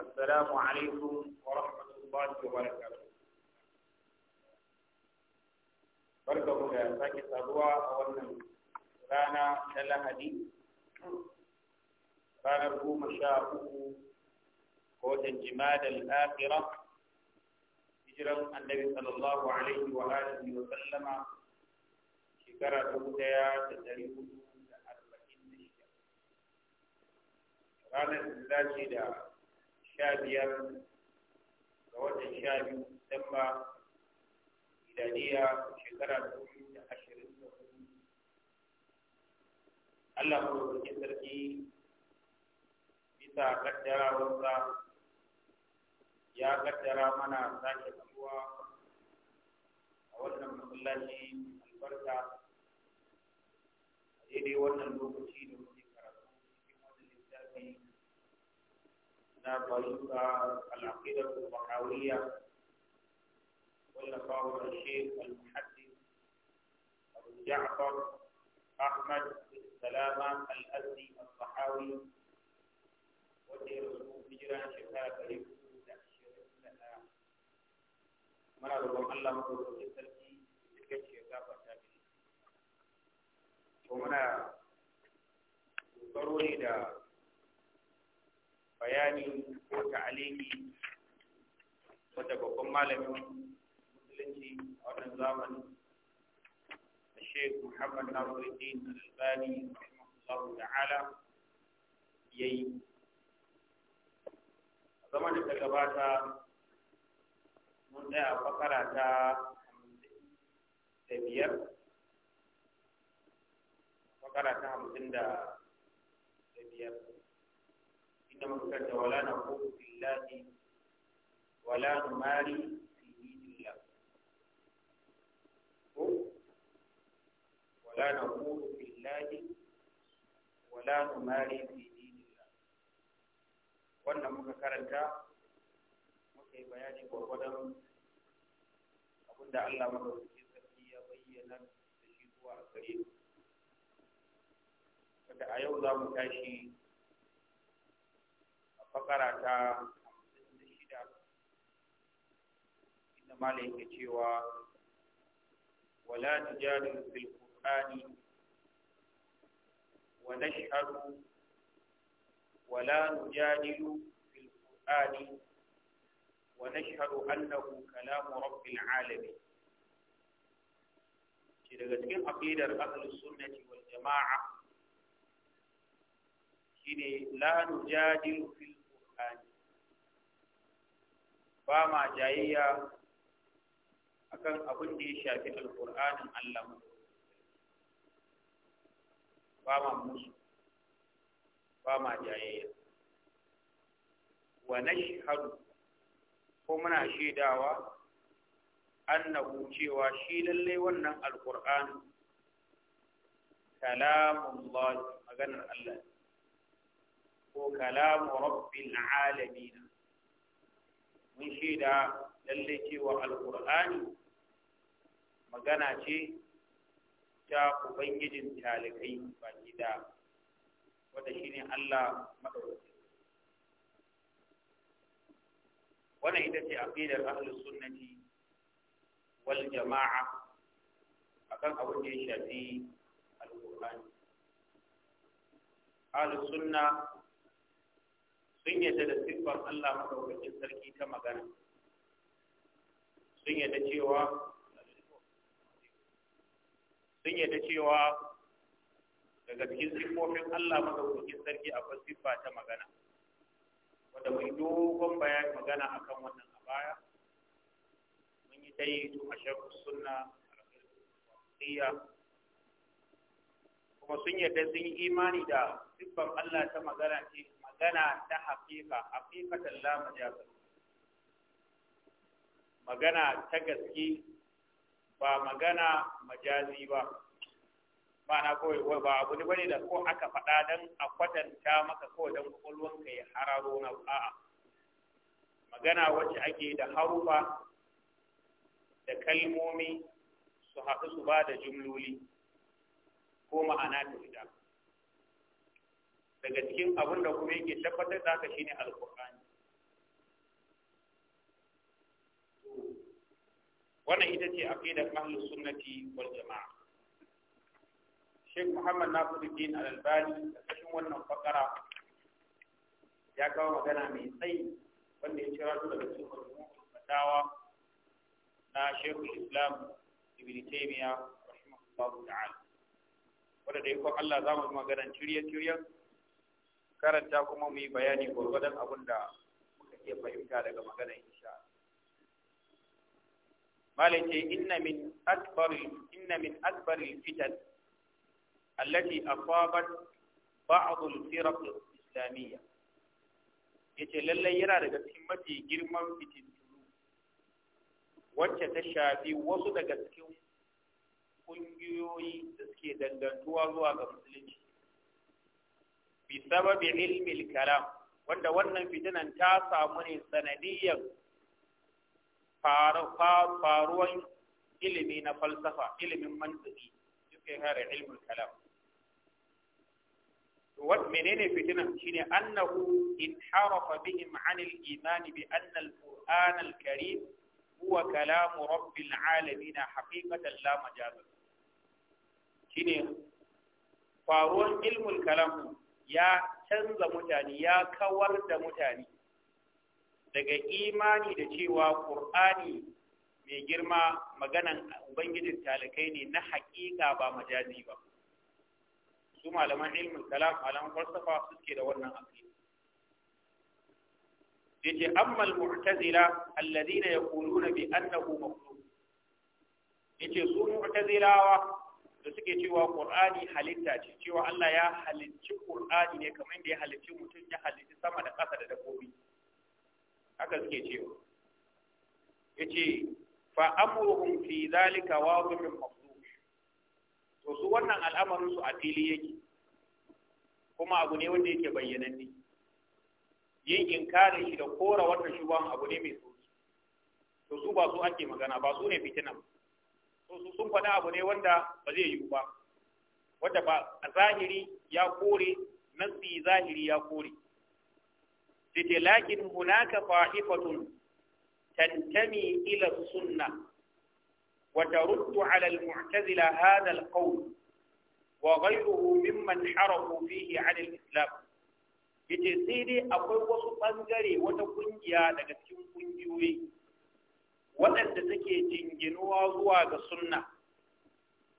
السلام عليكم ورحمة الله وبركاته بركه الله ساكي صدوى أولا رانا شل حديث رانا ركو مشاهوه قوة الجمال الآخرة إجرا النبي صلى الله عليه وآله وسلم شكرا تبتيا تتريه تأرلك النشاء رانا الزلاجي sha biyar ga wata sha biyu Disamba idaniya shekara dubu da ashirin da hudu. Allah maɗaukakin sarki bisa kaddarawarsa ya kaddara mana sake kamuwa a wannan masallaci albarka a daidai wannan lokaci طريق العقيدة البحاوية والنصارى الشيخ المحدث أبو جعفر أحمد بن سلامة الأزدي الصحاوي وسيرسم هجرة شفاء كريم mana roƙon Allah maɗaukakin sarki cikin shi ya gafarta mini. To muna bayani ko ta'aliki wanda babban malamin musulunci a wannan zamani da Sheikh Muhammad Nasiruddin Al-Albani rahimahullahu ta'ala yayi zama da ta gabata mun tsaya fakara ta da biyar fakara ta hamsin da biyar inda muka karanta mari wannan muka karanta muka bayani gwargwadon abinda Allah madaukakin ya bayyana da shi zuwa a yau za fakara ta hamsin da shida inda malai ke cewa wala tujadilu fil qur'ani wa nashharu wala fil qur'ani wa annahu kalamu rabbil alamin shi daga cikin aqidar ahlus sunnati wal jama'a shine la nujadilu fil alƙur'ani ba ma jayayya akan abin da ya shafi alƙur'anin Allah ba ma musu ba ma jayayya wa nashhadu ko muna shaidawa annahu cewa shi lalle wannan alqur'ani kalamullahi maganar Allah ne. ko kalamu rabbil alamin mun shaida lallai cewa Alkur'ani magana ce ta ubangijin talikai baki da wanda shine Allah madaukaki wannan ita ce aqidar ahlus sunnati wal jama'a akan abin da ya shafi alƙur'ani ahlus sunna sun yadda da siffar Allah maɗaukacin sarki ta magana sun yadda cewa sun yadda cewa daga cikin siffofin Allah maɗaukacin sarki akwai siffa ta magana wanda mai dogon bayan magana akan wannan a baya mun yi ta yi su a shafin sunna a kuma sun yadda sun yi imani da siffar Allah ta magana ce magana ta haƙiƙa haƙiƙatan la magana ta gaske ba magana majazi ba ma'ana kawai ba abu ne bane da ko aka faɗa dan a kwatanta maka ko dan kwakwalwanka ya hararo na a'a magana wacce ake da harufa da kalmomi su haɗu su ba da jumloli ko ma'ana ta fita daga cikin abin da kuma yake tabbatar da haka shine alqur'ani wannan ita ce aqidar ahlus sunnati wal jamaa Sheikh Muhammad Nasiruddin Al-Albani a cikin wannan fakara ya kawo magana mai tsayi wanda ya cira su daga cikin majmu'ul fatawa na Sheikh Islam Ibn Taymiyyah rahimahullahu ta'ala wanda da yakon Allah za mu magana cirye-ciryen karanta kuma mu yi bayani gwargwadon abin da muka iya fahimta daga maganar insha malai ce inna min akbaril inna min akbaril fitan allati asabat ba'd al firaq al islamiyya yace lallai yana daga cikin mafi girman fitin wacce ta shafi wasu daga cikin ƙungiyoyi da suke dangantuwa zuwa ga musulunci bi sababi ilmi kalam wanda wannan fitinan ta samu ne sanadiyan faruwar ilimi na falsafa ilimin mantiki suke kare ilmin kalam wat menene fitinan shine annahu inharafa bihim anil imani bi anna al-qur'an al-karim huwa kalamu rabbil alamin haqiqatan la majaz shine faruwar ilmin kalam ya canza mutane ya kawar da mutane daga imani da cewa ƙur'ani mai girma maganan ubangijin talakai ne na haƙiƙa ba majazi ba su malaman ilmin kalam malaman falsafa suke da wannan aqida yace amma al-mu'tazila alladhina yaquluna bi annahu makhluq yace su mu'tazilawa da suke cewa Qur'ani halitta ce cewa Allah ya halicci Qur'ani ne kamar da ya halicci mutum ya halicci sama da ƙasa da dabbobi haka suke cewa yace fa amruhum fi zalika wadhihun mafduh to su wannan al'amarin su a fili yake kuma abu ne wanda yake bayyananne yin inkarin shi da kora wannan shugaban abu ne mai sauki to su ba su ake magana ba su ne fitina ba sun faɗi abu ne wanda ba zai yiwu ba wanda ba zahiri ya kore nasi zahiri ya kore sai lakin hunaka fa'ifatun tantami ila sunna wa taruddu ala al-mu'tazila hadha al-qawl wa ghayruhu mimman harafu fihi 'ala al-islam yace sai dai akwai wasu bangare wata kungiya daga cikin kungiyoyi waɗanda take jinginuwa zuwa ga sunna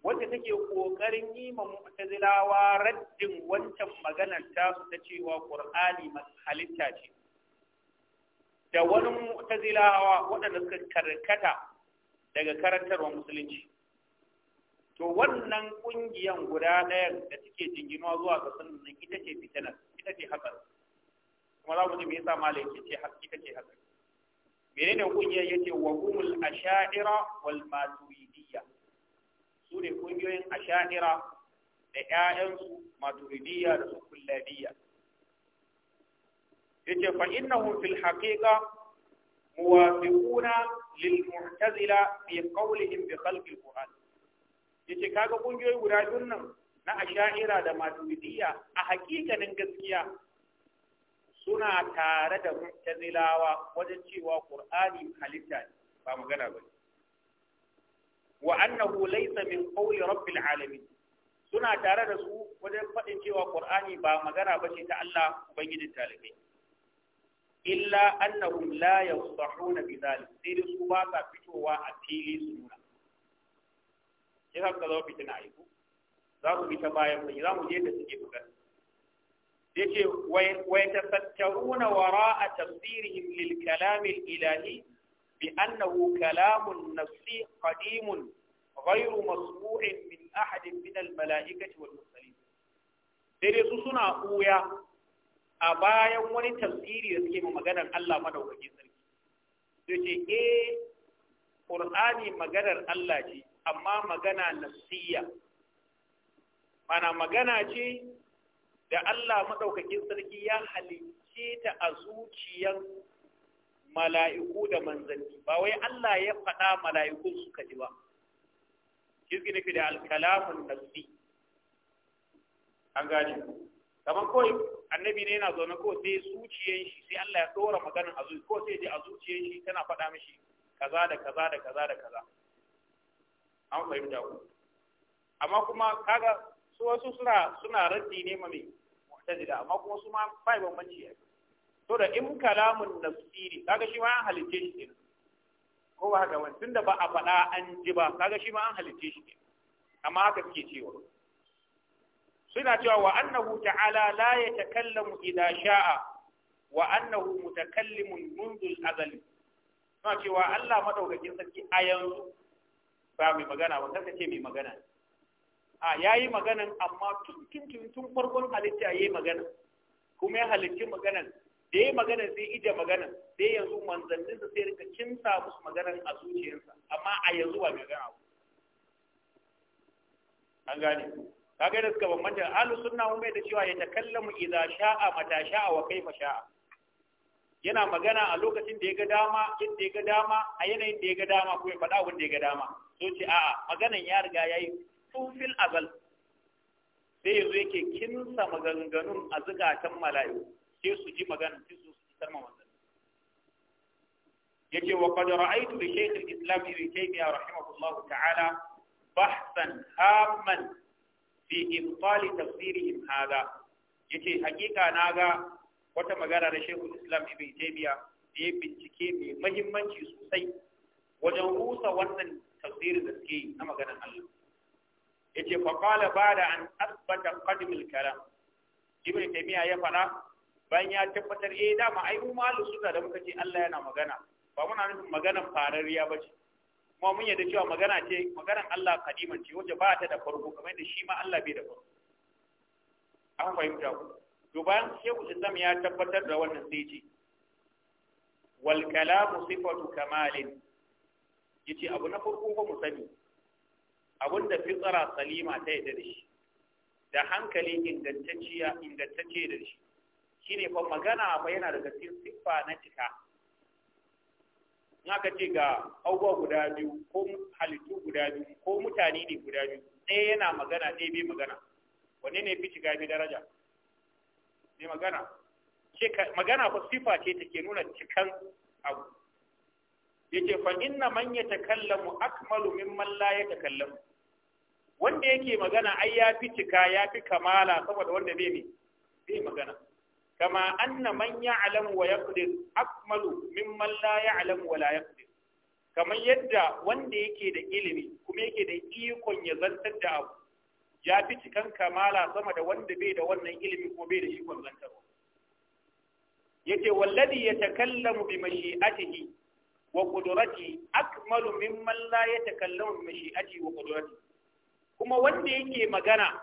wadda take ƙoƙarin yi ma mu'tazilawa raddin wancan maganar su ta cewa ƙur'ani halitta ce da wani mu'tazilawa waɗanda suka karkata daga karantarwa musulunci to wannan ƙungiyar guda ɗaya da take jinginuwa zuwa ga sunna ita ce fitinar ita ce hatsari kuma za mu ji me yasa malai ce ita ce hatsari menene kungiyar yace wa humul asha'ira wal maturidiyya su ne kungiyoyin asha'ira da 'ya'yansu maturidiyya da su kullabiyya yace fa innahum fil haqiqa muwafiquna lil mu'tazila bi qawlihim bi khalqi al qur'an yace kaga kungiyoyi guda dunnan na asha'ira da maturidiyya a hakikanin gaskiya suna tare da mu'tazilawa wajen cewa qur'ani halitta ne ba magana bane wa annahu laysa min qawli rabbil alamin suna tare da su wajen faɗin cewa qur'ani ba magana bace ta Allah ubangijin talibai illa annahum la yasahuna bidhalik sai su ba sa fitowa a fili su nuna sai ka zama fitina aiko za ku bi ta bayan mai za mu je da suke bukata yace wa yatafattaruna a tafsirihim lil kalam ilahi bi annahu kalamun nafsi qadimun غير مسموع من أحد من الملائكة والمرسلين dai su suna ɓuya a bayan wani tafsiri da suke maganar Allah madaukakin sarki sai ce eh Qur'ani maganar Allah ce amma magana nafsiyya mana magana ce da Allah maɗaukakin sarki ya halicce ta a zuciyar mala'iku da manzanni ba wai Allah ya faɗa mala'ikun suka ji ba jirgi nufi da alkalamun nafsi an gani, kamar kawai annabi ne yana zaune ko sai zuciyan shi sai Allah ya tsora maganin a zuci ko sai ji a zuciyan shi tana faɗa mishi kaza da kaza da kaza da kaza an fahimta ku amma kuma kaga su wasu suna suna raddi ne ma mai mu'tazila amma kuma su ma bai bambanci ya to da in kalamun nafsiri kaga shi ma an halice shi ne. ko ba haka wani tunda ba a faɗa an ji ba kaga shi ma an halice shi ne, amma haka suke cewa suna cewa wa annahu ta'ala la yatakallamu idza sha'a wa annahu mutakallimun mundu al suna cewa Allah madaukakin sarki a yanzu ba mai magana ba kasa ce mai magana ne a yayi maganan amma tun tun tun farkon halitta yayi magana kuma ya halicci maganan da ya magana sai ije magana sai yanzu manzannin sai rika kinsa musu maganan a zuciyarsa amma a yanzu ba magana ba an gane kaga da suka bambanta Alu sunna mun da cewa ya takallamu idza sha'a mata sha'a wa kaifa sha'a yana magana a lokacin da ya ga dama inda ya ga dama a yanayin da ya ga dama ko ya faɗa abin da ya ga dama so ce a'a maganan ya riga yayi tufil azal sai yanzu yake kinsa maganganun a zukatan mala'iku sai su ji magana sai su fitar tarma wannan yace wa qad ra'aytu li shaykh al-islam ibn taymiyyah rahimahullahu ta'ala bahsan hamman fi ibtal tafsirihim hada yace hakika naga wata magana da shaykh al-islam ibn taymiyyah da ya bincike mai muhimmanci sosai wajen rusa wannan tafsirin da suke na maganar Allah yace fa qala ba'da an asbata qadim al-kalam ibnu taymiya ya fada bayan ya tabbatar eh dama ai mu malu sunna da muka ce Allah yana magana ba muna nufin maganar farariya ba ce kuma mun yadda cewa magana ce maganar Allah kadiman ce wacce ba ta da farko kamar yadda shi ma Allah bai da farko an fahimta ku to bayan shehu islam ya tabbatar da wannan sai ce wal kalamu sifatu kamalin yace abu na farko ko mu sani abinda fitsara salima ta yi da shi da hankali ingantacce da shi shine fa magana fa yana daga cikin siffa na cika na ka ce ga abubuwa guda biyu ko halittu guda biyu ko mutane ne guda biyu ɗaya yana magana ɗaya bai magana Wani ne fi shiga bi daraja ne magana magana fa siffa ce take nuna cikan abu yace fa inna man yatakallamu akmalu mimman la yatakallamu wanda yake magana ai ya fi cika ya fi kamala saboda wanda bai ne bai magana kama anna man ya'lamu wa yaqdir akmalu mimman la ya'lamu wa la yaqdir kamar yadda wanda yake da ilimi kuma yake da ikon ya zantar da abu ya fi cikan kamala sama da wanda bai da wannan ilimi ko bai da ikon zantarwa yace walladhi yatakallamu bi mashi'atihi wa qudrati akmalu mimman la yatakallamu bi mashi'ati wa qudrati kuma wanda yake magana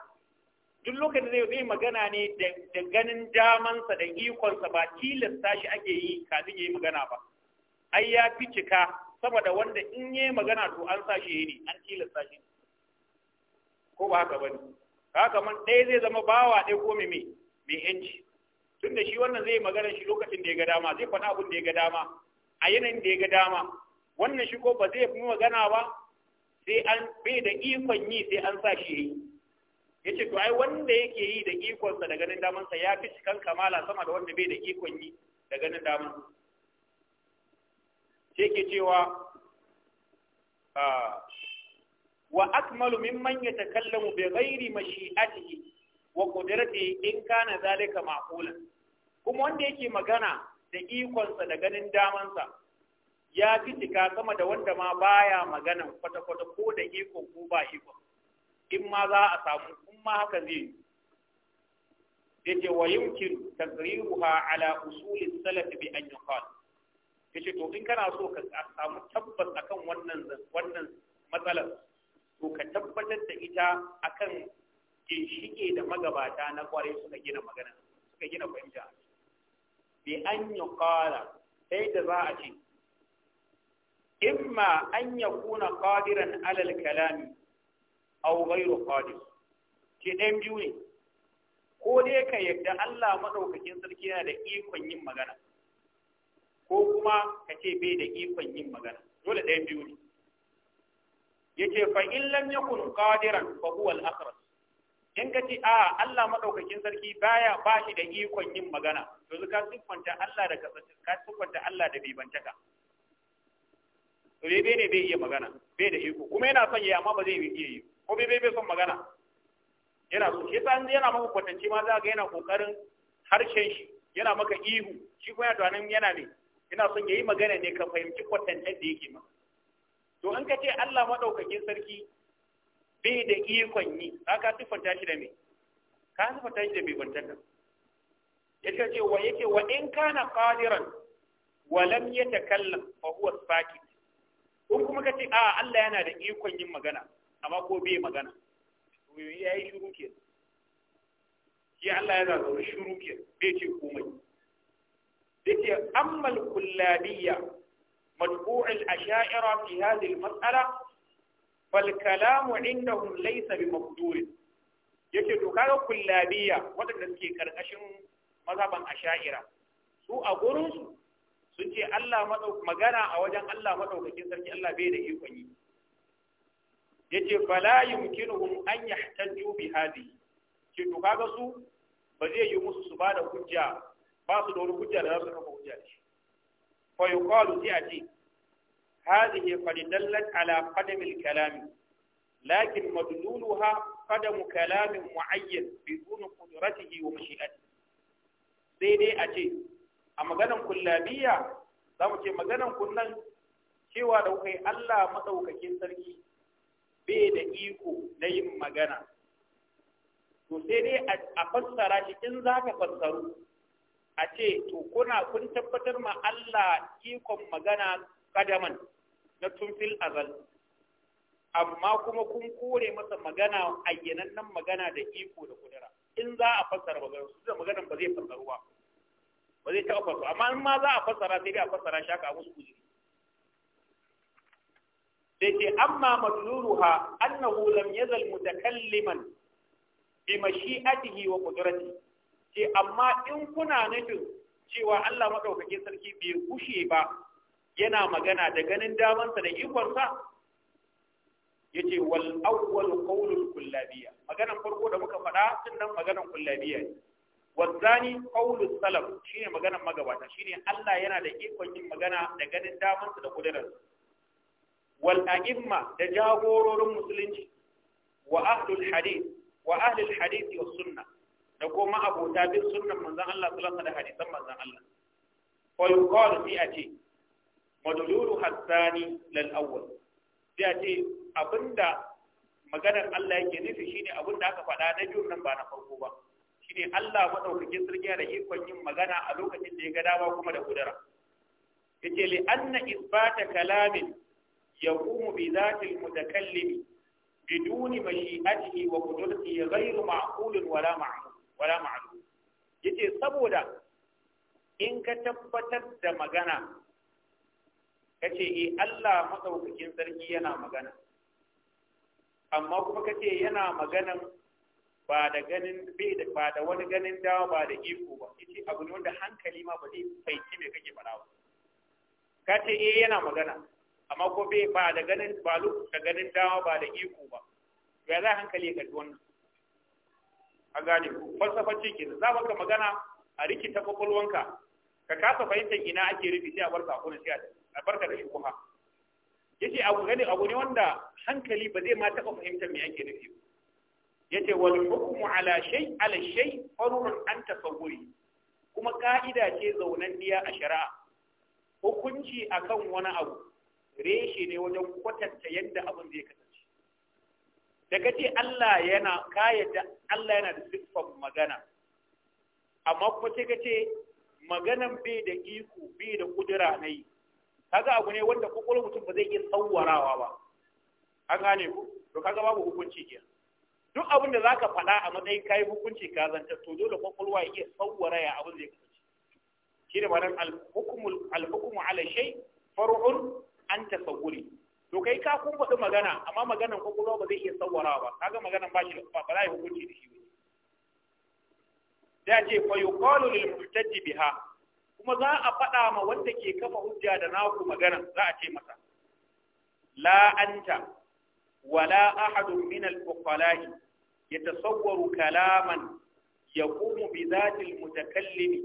duk lokacin da zai magana ne da ganin damansa da ikonsa ba tilasta shi ake yi kafin ya yi magana ba ai ya fi cika saboda wanda in yi magana to an sa shi ne an tilasta shi ko ba haka bane haka man ɗaya zai zama bawa ɗaya ko mai mai yanci tunda shi wannan zai magana shi lokacin da ya ga dama zai faɗa abin da ya ga dama a yanayin da ya ga dama wannan shi ko ba zai fi magana ba sai an bai da ikon yi sai an sa shi yi yace to ai wanda yake yi da ikon da ganin daman sa ya fi cikan kamala sama da wanda bai da ikon yi da ganin daman sai ke cewa ah, wa akmalu mimman yatakallamu bi ghairi mashi'atihi wa qudratihi in kana zalika maqulan kuma wanda yake magana da ikonsa da ganin damansa ya fi cika sama da wanda ma baya magana kwata-kwata ko da ikon ko ba ikon in ma za a samu in ma haka zai ke wa yumkin ha ala usuli salafi bi an to in kana so ka samu tabbas akan wannan wannan matsalar to ka tabbatar da ita akan ginshike da magabata na kware suka gina magana suka gina fahimta bi an yuqala sai da za a ce imma an yi kuna ala alal kalami aw ghayru ke ɗan biyu ne ko dai ka yadda Allah maɗaukakin sarki yana da ikon yin magana ko kuma ka ce bai da ikon yin magana dole ɗan biyu ne yake fa in lam yakun qadiran fa huwa in ka ce a Allah madaukakin sarki baya ba shi da ikon yin magana to ka siffanta Allah da kasance, ka siffanta Allah da bibantaka to bai bai ne bai iya magana bai da iko kuma yana son yayi amma ba zai iya yi ko bai bai son magana yana so shi san yana maka kwatance ma za ga yana kokarin harshen shi yana maka ihu shi ko ya tunanin yana ne yana son yayi magana ne ka fahimci kwatancen da yake maka to in ka ce Allah madaukakin sarki bai da ikon yi aka siffanta shi da me ka siffanta shi da bai bantaka Ya ce wa yake wa in kana qadiran wa lam yatakallam fa huwa sakit ko kuma ce a Allah yana da ikon yin magana amma ko bai magana to yayi shiru ke shi Allah yana da shiru ke bai ce komai yake ammal kullabiyya al asha'ira fi hadhihi al-mas'ala Falkalamu, kalamu indahum laysa bi maqdur yake to kaga kullabiya wadanda suke karkashin mazhaban asha'ira su a gurin su sun ce Allah magana a wajen Allah madaukakin sarki Allah bai da ikon yi yace fala yumkinuhum an yahtaju bi hadi ke to kaga su ba zai yi musu su bada hujja ba su da wani hujja da za su kafa hujja da shi fa yuqalu sai a ce هذه قد دلت على قدم الكلام لكن مدلولها قدم كلام معين بدون قدرته ومشيئته sai dai a ce a maganan kullabiya za mu ce maganan kunnan cewa da kai Allah maɗaukakin sarki bai da iko na yin magana to sai dai a fassara shi in za ka fassaru a ce to kuna kun tabbatar ma Allah ikon magana kadaman na tumfil azal amma kuma kun kore masa magana ayyanannen magana da iko da kudura in za a fassara magana su da magana ba zai fassaru ba ba zai taɓa fassara amma in ma za a fassara sai dai a fassara shi haka a musu kujiri sai ce amma madluruha annahu lam yazal mutakalliman bi mashi'atihi wa qudratihi ce amma in kuna nufin cewa Allah madaukakin sarki bai kushe ba yana magana da ganin damansa da ikonsa yace wal awwal qawlul kullabiya maganan farko da muka faɗa tun nan maganan kullabiya ne wazani Salam shi ne maganan magabata Shi ne Allah yana da ikon yin magana da ganin damansa da kudirar Wal'a'imma da jagororin musulunci wa ahlul hadith wa ahlul hadith was sunnah da kuma abota bin sunnan manzan Allah sallallahu da hadisan manzan Allah fa yuqalu fi ati madululu hassani lal awwal sai ce abinda maganar Allah yake nufi shine abinda aka faɗa na biyu nan ba na farko ba shine Allah madaukakin sarki da ikon yin magana a lokacin da ya ga dama kuma da kudura yace li anna isbata kalamin yaqumu bi zati al mutakallim biduni mashi'atihi wa qudratihi ghayru ma'qul wala ma'lum wala ma'lum yace saboda in ka tabbatar da magana kace e Allah madaukakin sarki yana magana amma kuma kace yana magana ba da ganin bai da ba da wani ganin dawa ba da iko ba kace abu ne wanda hankali ma ba zai fahimci me kake fara ba kace e yana magana amma ko bai ba da ganin ba da ganin dawa ba da iko ba ya za hankali ya karbi wannan a gane ku falsafa ce kenan za ka magana a rikita kwakwalwanka ka kasa fahimtar ina ake rufi a bar kuna sai a tafi barka da shubuha yace abu gani abu ne wanda hankali ba zai ma taɓa fahimtar me ake nufi yace wal hukmu ala shay ala shay farurun an tafawuri kuma ka'ida ce diya a shari'a hukunci akan wani abu reshe ne wajen kwatanta yadda abin zai kasance daga ce Allah yana kayyada Allah yana da siffar magana amma kuma sai ka maganan bai da iko bai da kudura na yi kaga abu ne wanda kokolo mutum ba zai iya tsawarawa ba an gane ku to kaga babu hukunci ke duk abin da zaka faɗa a matsayin kai hukunci ka zanta to dole kokolwa ya iya tsawara ya abin zai shi da ma'anar al-hukmu al-hukmu ala shay far'un an tasawwuri to kai ka kun faɗi magana amma maganan kokolo ba zai iya tsawara ba kaga maganan ba shi da ba za hukunci da shi ba da ce fa yuqalu lil muhtajji biha kuma za a faɗa ma wanda ke kafa hujja da naku magana za a ce masa La'anta wala ahadun min al ya yatasawwaru kalaman yaqumu bi dhati al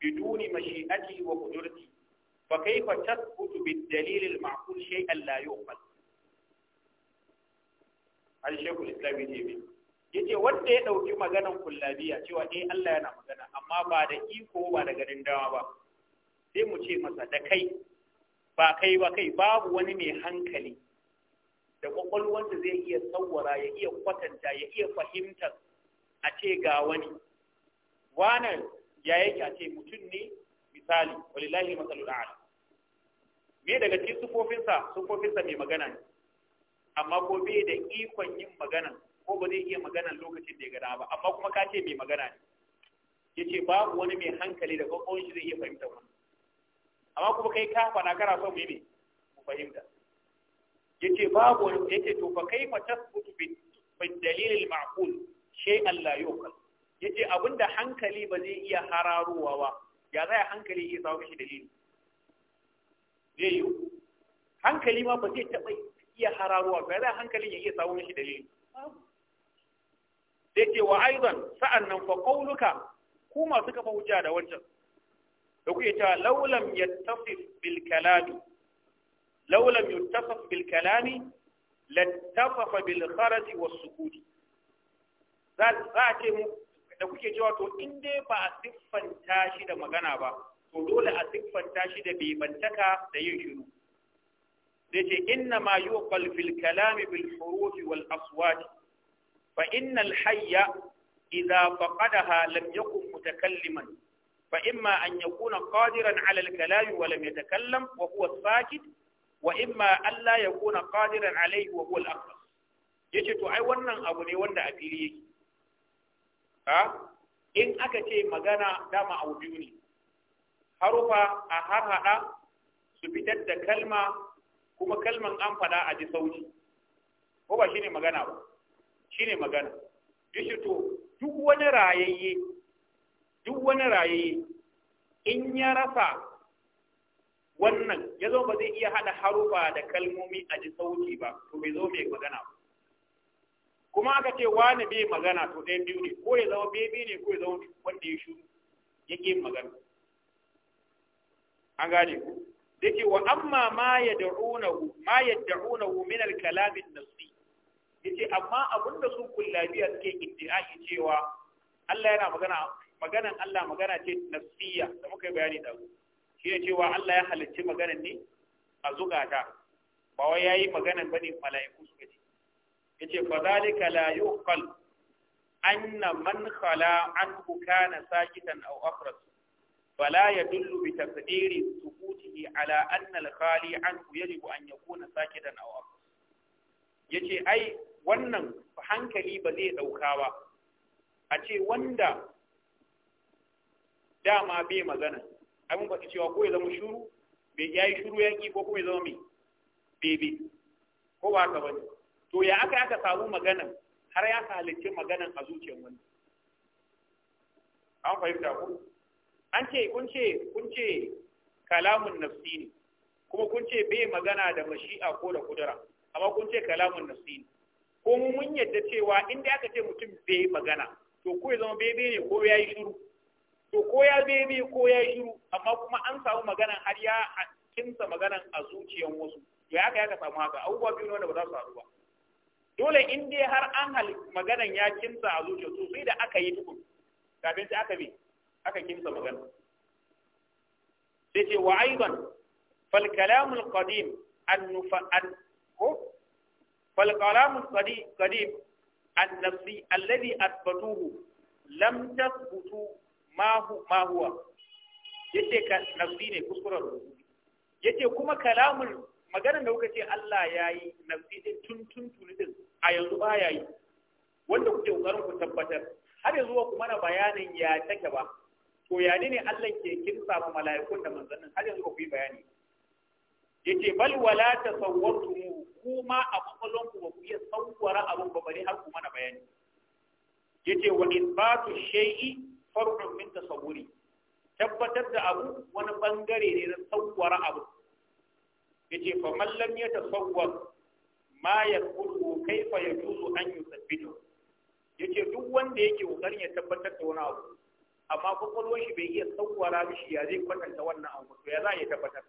biduni mashi'ati wa qudrati fa kayfa tathbutu bid-dalil al-ma'qul shay'an la yuqbal al-shaykh yace wanda ya dauki maganan kullabiya cewa eh Allah yana magana amma ba da iko ba da garin dawa ba sai mu ce masa da kai ba kai ba kai babu wani mai hankali da da zai iya tsawara ya iya kwatanta ya iya fahimtar a ce ga wani wanan ya yake a ce mutum ne misali walillahi matsalul a'ala me daga cikin sufofinsa sufofinsa mai magana ne amma ko bai da ikon yin magana ko ba zai iya magana lokacin da ya gada ba amma kuma ka ce mai magana ne Ya ce babu wani mai hankali da kokon shi zai iya fahimta wannan amma kuma kai ka faɗa kana son mu mai, fahimta fahimta ce babu wani ce to fa ma tasbutu bi dalil dalilin ma'akul shay Allah yau. Ya ce abinda hankali ba zai iya hararowa ba ya zai hankali iya samu shi dalili zai yi hankali ma ba zai taɓa iya hararowa ba ya zai hankali ya iya samu shi dalili sai ke wa aizan sa'an nan fa ƙauluka ku masu kafa hujja da wancan da kuke cewa laulam yattasif bil kalami laulam yattasif bil kalami lattafafa bil kharaj was sukut za a ce mu da kuke cewa to in ba a siffanta shi da magana ba to dole a siffanta shi da bantaka da yin shiru da ce inna ma yuqal fil kalami bil huruf wal aswat fa innal hayya idza faqadaha lam yakun mutakalliman fa imma an yakuna qadiran ala al kalami wa lam yatakallam wa huwa sakit wa imma an la yakuna qadiran alayhi wa huwa al Ya ce to ai wannan abu ne wanda a fili yake ha in aka ce magana dama a biyu ne harufa a harhaɗa su fitar da kalma kuma kalman an fada a ji sauti ko ba shine magana ba shine magana yace to duk wani rayayye duk wani rayayye in ya rasa wannan ya zo ba zai iya hada harufa da kalmomi a ji sauti ba to bai zo mai magana ba kuma aka ce wani bai magana to ɗayan biyu ne ko ya zama bebe ne ko ya zama wanda ya shu yake magana an gane ku yake wa amma ma yad'unahu ma yad'unahu min al-kalam an-nafsi yace amma abinda su kullabiya suke iddiai cewa Allah yana magana maganan Allah magana ce nafsiya da muka yi bayani da shi ne cewa Allah ya halicci maganan ne a zugata ba wai yayi maganan bane mala'iku suka ce yace fa zalika la yuqal anna man khala anhu kana sakitan aw akhras فلا يدل بتقدير سكوته على أن الخالي عنه يجب أن يكون ساكتا أو أقصى yace ai wannan hankali ba zai ɗauka ba a ce wanda dama bai magana abin ba cewa ko ya zama shuru bai ya yi shuru yaƙi ko kuma ya zama mai bebe ko ba ka bane to ya aka aka samu maganan har ya halicci maganan a zuciyar wani an fahimta ko an ce kun ce kun ce kalamun nafsi ne kuma kun ce bai magana da mashi'a ko da kudura amma kun ce kalamun nafsi ne ko mun yadda cewa inda aka ce mutum bai magana to ko ya zama bebe ne ko ya yi shiru to ko ya bebe ko ya yi shiru amma kuma an samu magana har ya kinsa magana a zuciyan wasu to ya ya ka samu haka abubuwa biyu ne wanda ba za su faru ba dole in dai har an hal maganan ya kinsa a zuciya to sai da aka yi tukun kafin sai aka bi aka kimsa magana sai ce wa aidan fal kalamul qadim an nufa an ko fal kalamul qadim an nafsi alladhi athbatuhu lam tathbutu ma hu ma huwa yace ka nafsi ne kuskuren rubutu yace kuma kalamul maganar da kuka ce Allah ya yi nafsi din tun tun tuni din a yanzu ba ya yi wanda kuke ƙoƙarin ku tabbatar har yanzu kuma na bayanin ya take ba to ya ne Allah ke kinsa ma mala'ikun da manzannin har yanzu ku yi bayani yace bal wala tasawwartum kuma a kokolon ku ba ku iya tsawwara abu ba bare har ku mana bayani yace wa isbatu shay'i faru min tasawuri tabbatar da abu wani bangare ne na tsawwara abu yace fa man lam yatasawwar ma yaqulu kaifa yajuzu an yusabbitu yace duk wanda yake kokarin ya tabbatar da wani abu amma kwakwalwar shi bai iya tsawara mishi ya zai kwatanta wannan abu to ya za ya tabbatar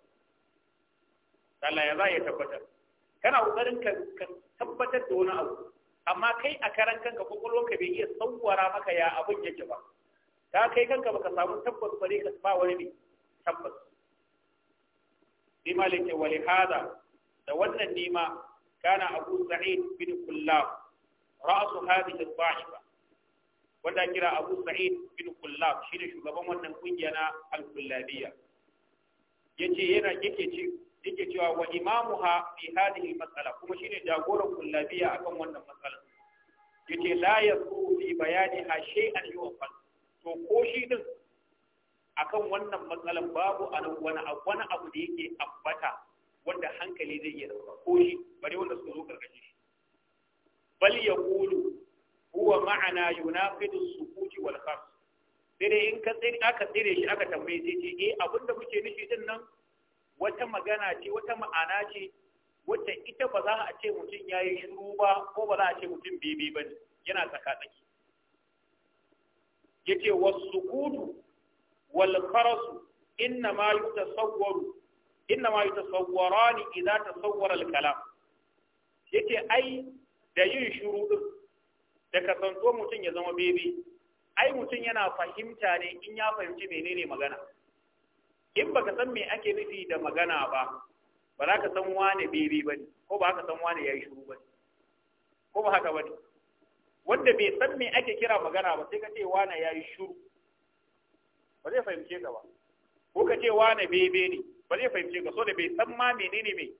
Allah ya za ya tabbatar kana kokarin ka tabbatar da wani abu amma kai a karan kanka kwakwalwar ka bai iya tsawara maka ya abin yake ba ka kai kanka baka samu tabbas bare ka ba wani ne tabbas sai malik ya wali hada da wannan nema kana abu sa'id bin kullab ra'su hadhihi al-ba'ifa wanda kira Abu Sa'id bin Kullab shine shugaban wannan kungiya na al-Kullabiyya yace yana yake ce yake cewa wa imamuha fi hadhihi mas'ala kuma shine jagoran kullabiya akan wannan matsala yace la yasuru fi bayani ha shay'an yuwafal to ko shi din akan wannan matsalan babu wani wani abu da yake ambata wanda hankali zai iya dauka ko shi bare wanda suka zo karkashin shi bal yaqulu huwa ma'ana yunaqidu sukuti wal khas sai in ka tsiri aka tsire shi aka tambaye sai ce eh abinda muke nufi din nan wata magana ce wata ma'ana ce wacce ita ba za a ce mutum ya yi shiru ba ko ba za a ce mutum bebe ba ne yana tsakatsaki ya ce wasu kudu wal karasu inna ma yi inna ma yi tasawwara kalam ya ce ai da yin shiru din da kasanto mutum ya zama bebe ai mutum yana fahimta ne in ya fahimci menene magana in baka san me ake nufi da magana ba ba za ka san wane bebe ba ne ko ba ka san wane ya yi shuru ba ne ko ba haka ba ne wanda bai san me ake kira magana ba sai ka ce wane ya yi shuru ba zai fahimce ka ba ko ka ce wane bebe ne ba zai fahimce ka so da bai san ma menene mai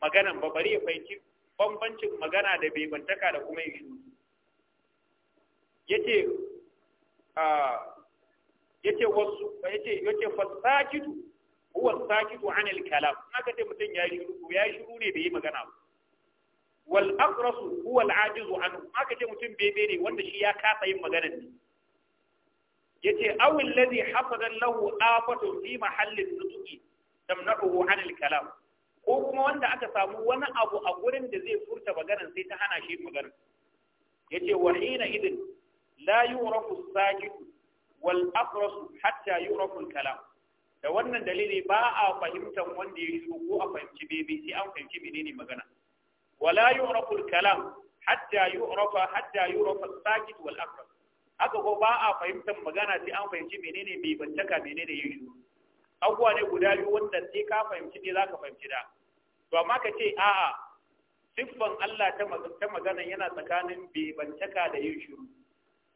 maganan ba bari ya fahimci bambancin magana da bai bantaka da kuma yin shuru yace a ah, yace wasu yace yace fasakitu huwa sakitu an al-kalam haka dai mutun ya shiru ya shiru ne bai yi magana ba wal aqras huwa al ajiz an haka dai mutun bai bai ne wanda shi ya kasa yin magana ne yace aw alladhi hafada lahu afatu fi mahallin nutqi tamna'uhu an al-kalam ko kuma wanda aka samu wani abu a gurin da zai furta magana sai ta hana shi magana yace wahina idin la yurafu sajid wal aqras hatta yurafu kalam da wannan dalili ba a fahimtar wanda ya shiru ko a fahimci bebe sai an fahimci menene magana wala yurafu kalam hatta yurafa hatta yurafa sajid wal aqras haka ko ba a fahimtar magana sai an fahimci menene bai bantaka menene ya shiru abuwa ne guda biyu wanda sai ka fahimci ne zaka fahimci da to amma ka ce a'a siffan Allah ta magana yana tsakanin bantaka da yin shiru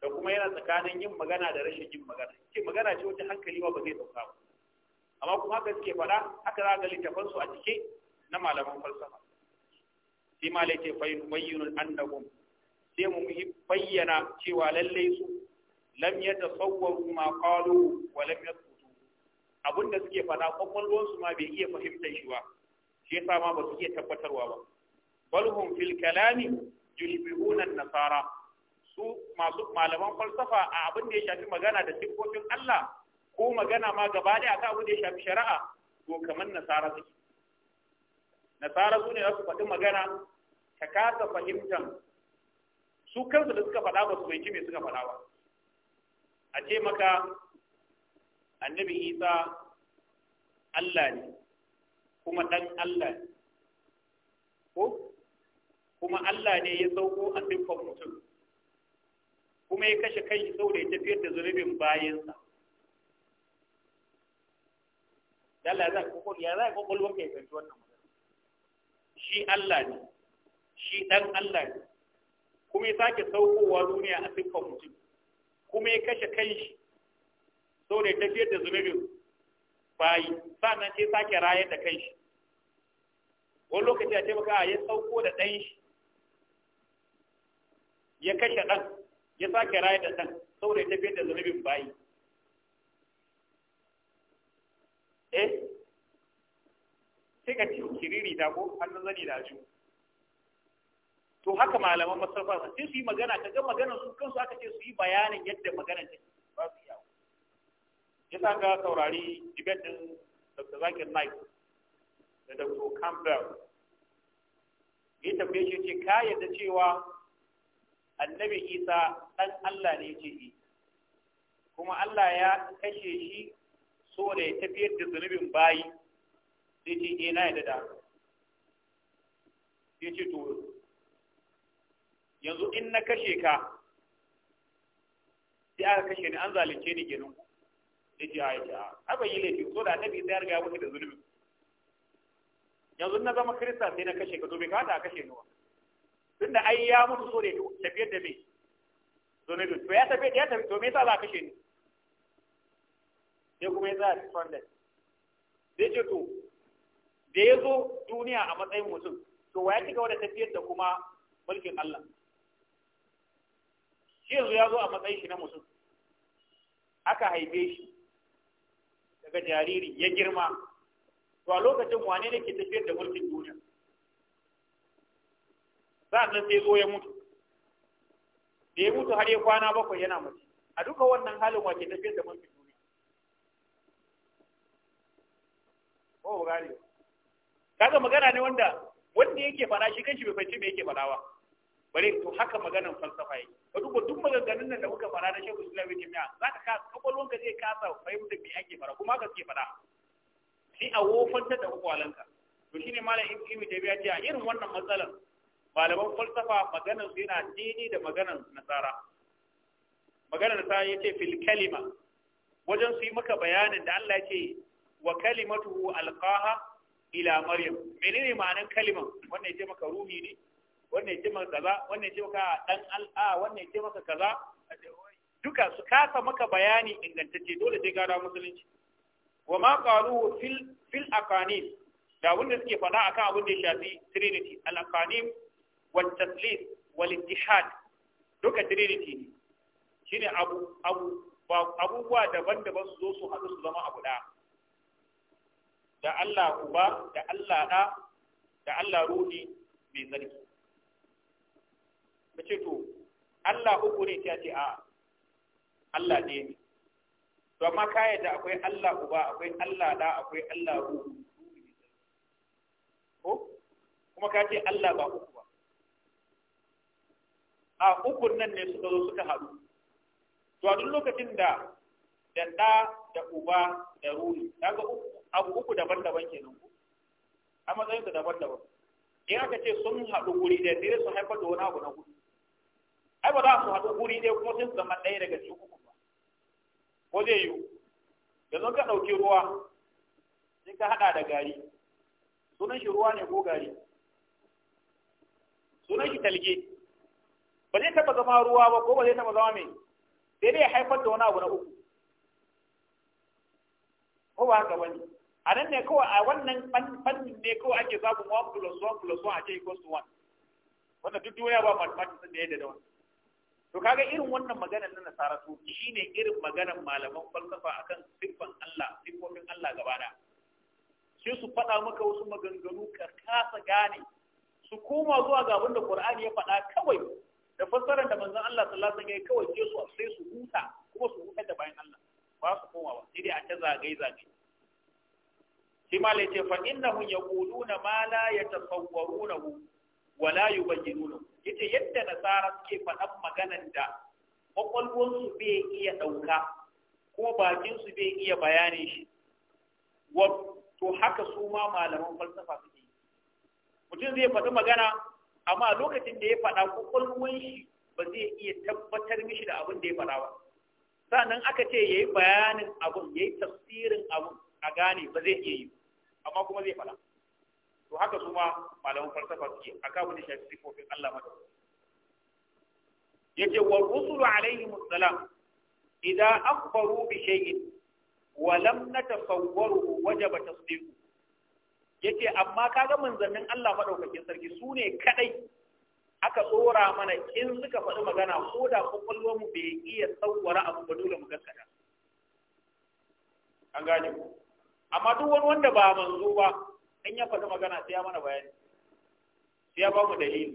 da kuma yana tsakanin yin magana da rashin yin magana ce magana ce wata hankali ba ba zai dauka ba amma kuma haka suke faɗa haka za ga littafan su a cike na malaman falsafa sai ma lai ce bayyinun annahum sai mu bayyana cewa lalle su lam yatasawwaru ma qalu wa lam yasutu abinda suke faɗa kokolwon su ma bai iya fahimtar shi ba shi yasa ma ba su iya tabbatarwa ba bal fil kalami yushbihuna an-nasara su masu malaman falsafa a abin da ya shafi magana da siffofin Allah ko magana ma gaba ɗaya akan abin da ya shafi shari'a to kamar nasara suke nasara su ne za su faɗi magana ka kasa fahimtar su kansu da suka faɗa ba su bai me suka faɗa ba a ce maka annabi isa Allah ne kuma ɗan Allah ne ko kuma Allah ne ya sauko a siffar mutum kuma ya kashe kai saboda ya tafiyar da zunubin bayansa Allah za ka ya za ka kwakwalwar kai ya wannan magana shi Allah ne shi dan Allah ne kuma ya sake saukowa duniya a siffar mutum kuma ya kashe kanshi saboda ya tafiyar da zunubin bayi sannan sai sake rayar da kanshi wani lokaci a taimaka ya sauko da ɗan shi ya kashe ɗan ya sake raye da ɗan saboda ya tafiye da zunubin bayi eh sai ka ce kiriri ta ko hannun zani da ju to haka malaman masarfa sai su yi magana ta ga maganar su kansu aka ce su yi bayanin yadda maganar ke ba su yawo ya sa ga saurari dibet din Dr. Zakir Naik da Dr. Campbell ya tambaye shi ce ka yadda cewa annabi isa ɗan allah ne ce yi kuma allah ya kashe shi so da ya tafiyar da zunubin bayi sai ce eh na yadda da ya ce to yanzu in na kashe ka sai aka kashe ni an zalunce ni kenan da ce a, abin yi laifi so da annabi sai ya riga ya wuce da zunubin yanzu na zama krista sai na kashe ka to bai kamata a kashe ni wa tunda ai ya mutu so da tafiyar da mai so ne to ya tafi ya tafi to me yasa za kashe ni sai kuma ya za a da sai ce to da ya zo duniya a matsayin mutum to wa ya ci gaba tafiyar da kuma mulkin Allah shi yanzu ya zo a matsayin shi na mutum aka haife shi daga jariri ya girma to a lokacin wane ne ke tafiyar da mulkin duniya sa'annan sai zo ya mutu da ya mutu har ya kwana bakwai yana mutu? a duka wannan halin wace tafiyar da man duniya ko ba gane kaga magana ne wanda wanda yake fara shi kanshi bai fahimci me yake fara ba bare to haka maganan falsafa yake ka duba duk maganganun nan da muka fara na shehu Islam ibn jami'a za ka ka zai kasa fahimtar me ake fara kuma haka suke fara sai a wofanta da kwakwalanka to shine malam ibn Taymiyyah ya ce a irin wannan matsalar malaman falsafa maganar su yana dini da maganar nasara maganar nasara yace fil kalima wajen su yi maka bayanin da Allah yake wa kalimatu alqaha ila maryam menene ma'anar kaliman wannan yace maka rumi ne wannan yace maka kaza wannan yace maka dan al'a wannan yace maka kaza duka su kasa maka bayani ingantacce dole sai gara musulunci wa ma qalu fil fil aqanim da wanda suke faɗa akan abin da ya shafi trinity al aqanim wal taslim wal ittihad duka trinity ne shine abu abu abubuwa daban-daban su zo su haɗu su zama abu ɗaya da Allah uba da Allah ɗa da Allah ruhi mai tsarki ce to Allah uku ne ta ce a Allah ɗaya ne to amma ka yadda akwai Allah uba akwai Allah ɗa akwai Allah ruhi ko kuma ka ce Allah ba uku a ukun nan ne suka zo suka haɗu to a duk lokacin da da da da uba da Ruri, kaga abu uku daban-daban kenan ku a matsayin da daban-daban in aka ce sun haɗu guri da dare su haifar da wani abu na hudu ai ba za su haɗu guri dai, kuma sun zama ɗaya daga cikin uku ba ko zai yiwu zan ka ɗauki ruwa sai ka haɗa da gari sunan shi ruwa ne ko gari sunan shi talge ba zai taba zama ruwa ba ko ba zai taba zama mai sai dai ya haifar da wani abu na uku ko ba haka bane a nan ne kawai a wannan fannin ne kawai ake samun one plus one plus one a ce equals to one wanda duk duniya ba mathematics da yadda da wani. to kaga irin wannan maganar na nasara su shine irin maganar malaman falsafa akan siffan Allah siffofin Allah gaba da sai su faɗa maka wasu maganganu ka kasa gane su koma zuwa ga abin da Qur'ani ya faɗa kawai da fassara, da manzon Allah sallallahu alaihi wasallam ya kawai su sai su huta kuma su huta da bayan Allah ba su koma ba sai dai a ta zagaye zagaye shi ma lai ce fa innahum yaquluna ma la yatasawwarunahu wa la yubayyinuna yace yadda nasara suke faɗan maganan da su bai iya ɗauka bakin bakinsu bai iya bayani shi to haka su ma malaman falsafa suke mutum zai faɗi magana amma lokacin da ya faɗa kwakwalwan shi ba zai iya tabbatar mishi da abin da ya faɗa ba sannan aka ce ya yi bayanin abin ya yi tafsirin abin a gane ba zai iya yi amma kuma zai faɗa to haka su ma falsafa suke a kawo da shafi sifofin Allah mata yace wa rusulu alaihi musallam idan akbaru bi shay'in wa lam natasawwaru wajaba tasdiqu yake amma kaga manzannin Allah madaukakin sarki su ne kadai aka tsora mana in suka faɗi magana ko da kwakwalwar mu bai iya tsawara abu ba dole mu gaskata an gane ku amma duk wani wanda ba manzo ba in ya faɗi magana sai ya mana bayani sai ya ba mu dalili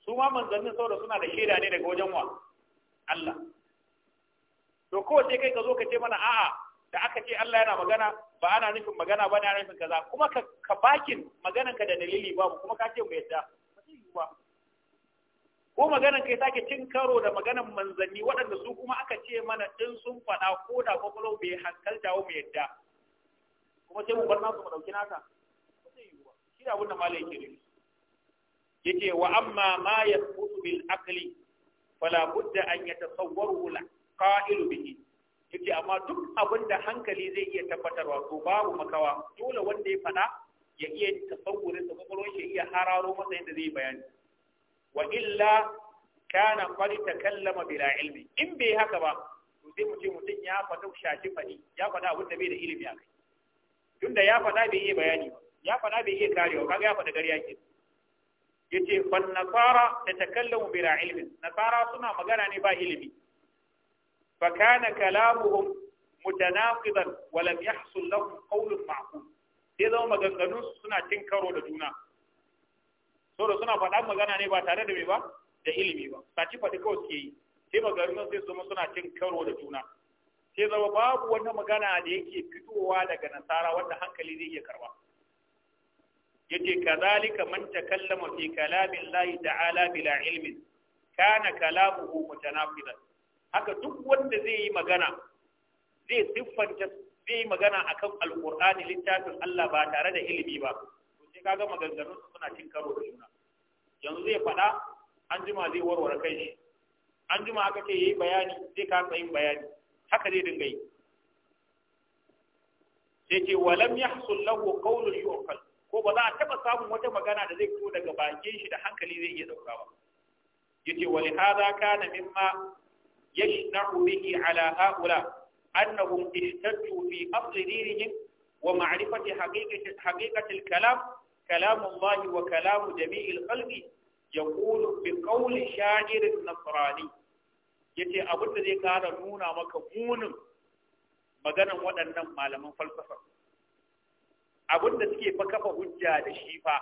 su ma manzannin saboda suna da shaida ne daga wajen wa Allah to kawai sai kai ka zo ka ce mana a'a da aka ce Allah yana magana ba ana nufin magana ba ana nufin kaza kuma ka ka bakin maganan ka da dalili babu kuma ka ce mu yadda ba ko maganan kai sake cin karo da maganan manzanni waɗanda su kuma aka ce mana din sun faɗa ko da kwakwalo bai hankalta mu yadda kuma sai mu bar nasu mu ɗauki naka ba zai yiwu ba shi da abin da malai ke nufi yake wa amma ma yasbutu bil aqli fala budda an yatasawwaru al qa'ilu bihi yake amma duk abin da hankali zai iya tabbatarwa to babu makawa dole wanda ya faɗa ya iya tasawurin sa kokarin shi iya hararo masa yadda zai bayani wa illa kana qad takallama bila ilmi in bai haka ba to sai mu ce mutum ya fada shafi faɗi ya fada abin da bai da ilimi a kai tunda ya faɗa bai iya bayani ba ya faɗa bai iya karewa kaga ya fada gariya ke yace fan nasara tatakallamu bila ilmi nasara suna magana ne ba ilimi fa kana kalamuhum mutanaqidan wa lam yahsul lahum sai zama maganganun suna cin karo da juna saboda suna faɗan magana ne ba tare da me ba da ilimi ba saci faɗi kawai suke yi sai maganganun suna cin karo da juna sai zama babu wata magana da yake fitowa daga nasara wanda hankali zai iya karba yace kadhalika man takallama fi kalamin lahi ta'ala bila ilmin kana kalamuhu mutanaqidan haka duk wanda zai yi magana zai siffanta zai yi magana akan alqur'ani littafin Allah ba tare da ilimi ba to sai kaga maganganun suna cin karo da juna yanzu zai faɗa an jima zai warware kai shi an jima aka ce yayi bayani zai kasa yin bayani haka zai dinga yi sai ce walam yahsul lahu qawlun yu'qal ko ba za a taba samun wata magana da zai fito daga bakin shi da hankali zai iya dauka ba yace wa li hadha kana mimma يشنع به على هؤلاء أنهم اشتدوا في أصل دينهم ومعرفة حقيقة, حقيقة الكلام كلام الله وكلام جميع الخلق يقول بقول شاعر النصراني yace abin da zai kara nuna maka munin maganan waɗannan malaman falsafa abin da suke fa kafa hujja da shi fa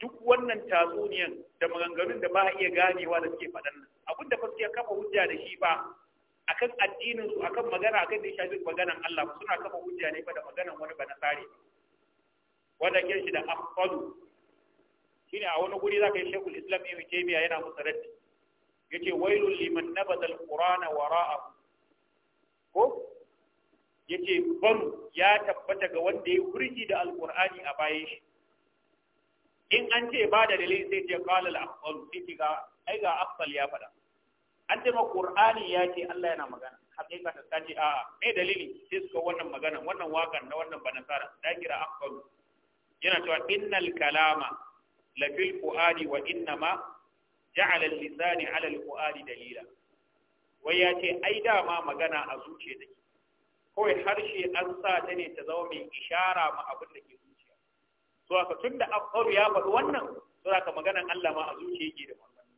duk wannan tatsuniyan da maganganun da ba a iya ganewa da suke faɗan nan abin da suke kafa hujja da shi ba akan addinin su akan magana akan da ya shafi maganan Allah suna kafa hujja ne ba da maganan wani ba na tsare wanda ke shi da afdalu shine a wani guri zaka yi shekul islam ibn taymiya yana musu yace wailul liman nabada alqur'ana wara'a ko yace ban ya tabbata ga wanda ya hurji da alqur'ani a bayan shi in an ce ba da dalili sai ce qala al-afdal sai ce ga ai ga afdal ya faɗa an ce ma qur'ani ya ce Allah yana magana hakika ta kace a mai dalili sai suka wannan magana wannan wakan na wannan banasara da kira afdal yana cewa innal kalama la fil fuadi wa innama ja'ala al-lisani 'ala al-fuadi dalila wai ya ce ai dama magana a zuciya take kawai harshe an sa ta ne ta zama mai ishara ma abin da ke so aka tun da Af'aru ya faɗi wannan so aka maganan Allah ma a zuciya yake da wannan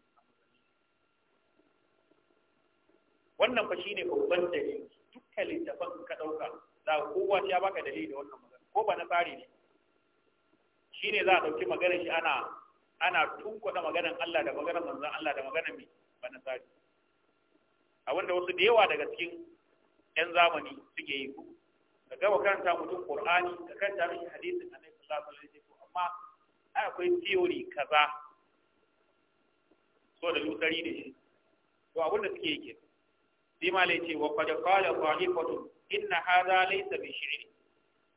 wannan fa shine babban dalili dukkan littafan ka dauka za ka kowa ya baka dalili da wannan magana ko ba na tsari ne shine za a ɗauki maganar shi ana ana tunkuɗa maganar Allah da maganar manzon Allah da maganar mai ba na tsari a wanda wasu da yawa daga cikin 'yan zamani suke yi ku ka gaba karanta mutum qur'ani ka karanta mishi hadisin annabi sallallahu alaihi ma akwai theory kaza so da lusari da shi to abin da suke yake sai ma lai ce wa qad qala qalifatu inna hadha laysa bi shi'ri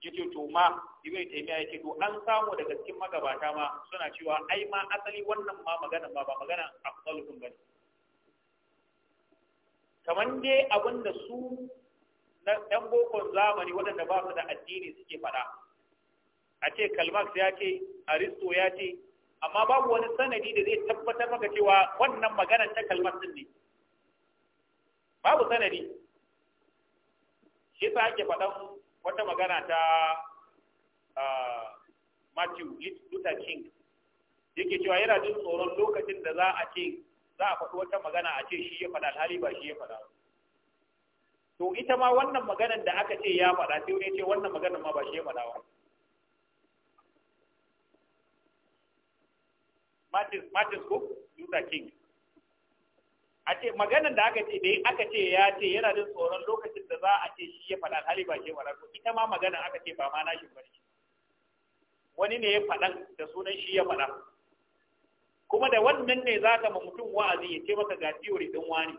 yace to ma ibn taymiya yake to an samu daga cikin magabata ma suna cewa ai ma asali wannan ma magana ba ba magana afdalukum bane kaman dai abin da su na boko bokon zamani waɗanda ba su da addini suke faɗa a ce kalmax ya ce aristo ya ce amma babu wani sanadi da zai tabbatar maka cewa wannan maganar ta kalmax din ne babu sanadi shi yasa ake faɗan wata magana ta Matthew Luther King yake cewa yana jin tsoron lokacin da za a ce za a faɗi wata magana a ce shi ya faɗa alhali ba shi ya faɗa to ita ma wannan maganar da aka ce ya faɗa sai ne ce wannan maganar ma ba shi ya faɗa ba Martin, Martin Cook Luther King a ce maganan da aka ce da aka ce ya ce yana da tsoron lokacin da za a ce shi ya faɗa hali ba ke wala ko ita ma magana aka ce ba ma na shi bane wani ne ya faɗa da sunan shi ya faɗa kuma da wannan ne za ka ma mutum wa'azi ya ce maka ga theory din wani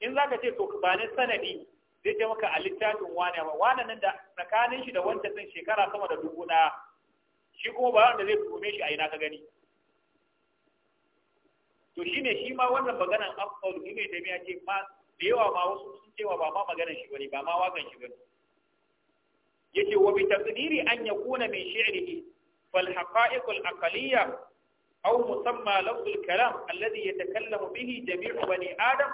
in za ka ce to ba ni sanadi zai ce maka a littafin wani ba wani nan da tsakanin shi da wancan din shekara sama da dubu ɗaya. shi kuma ba wanda zai tume shi a ina ka gani to shine shi ma wannan maganan afdal da taymiya ce ma da yawa ma wasu sun cewa ba ma maganan shi bane ba ma wakan shi bane yace wa bi taqdiri an yakuna min shi'rihi fal haqa'iq al aqliyya aw musamma lafz al kalam alladhi yatakallamu bihi jami'u bani adam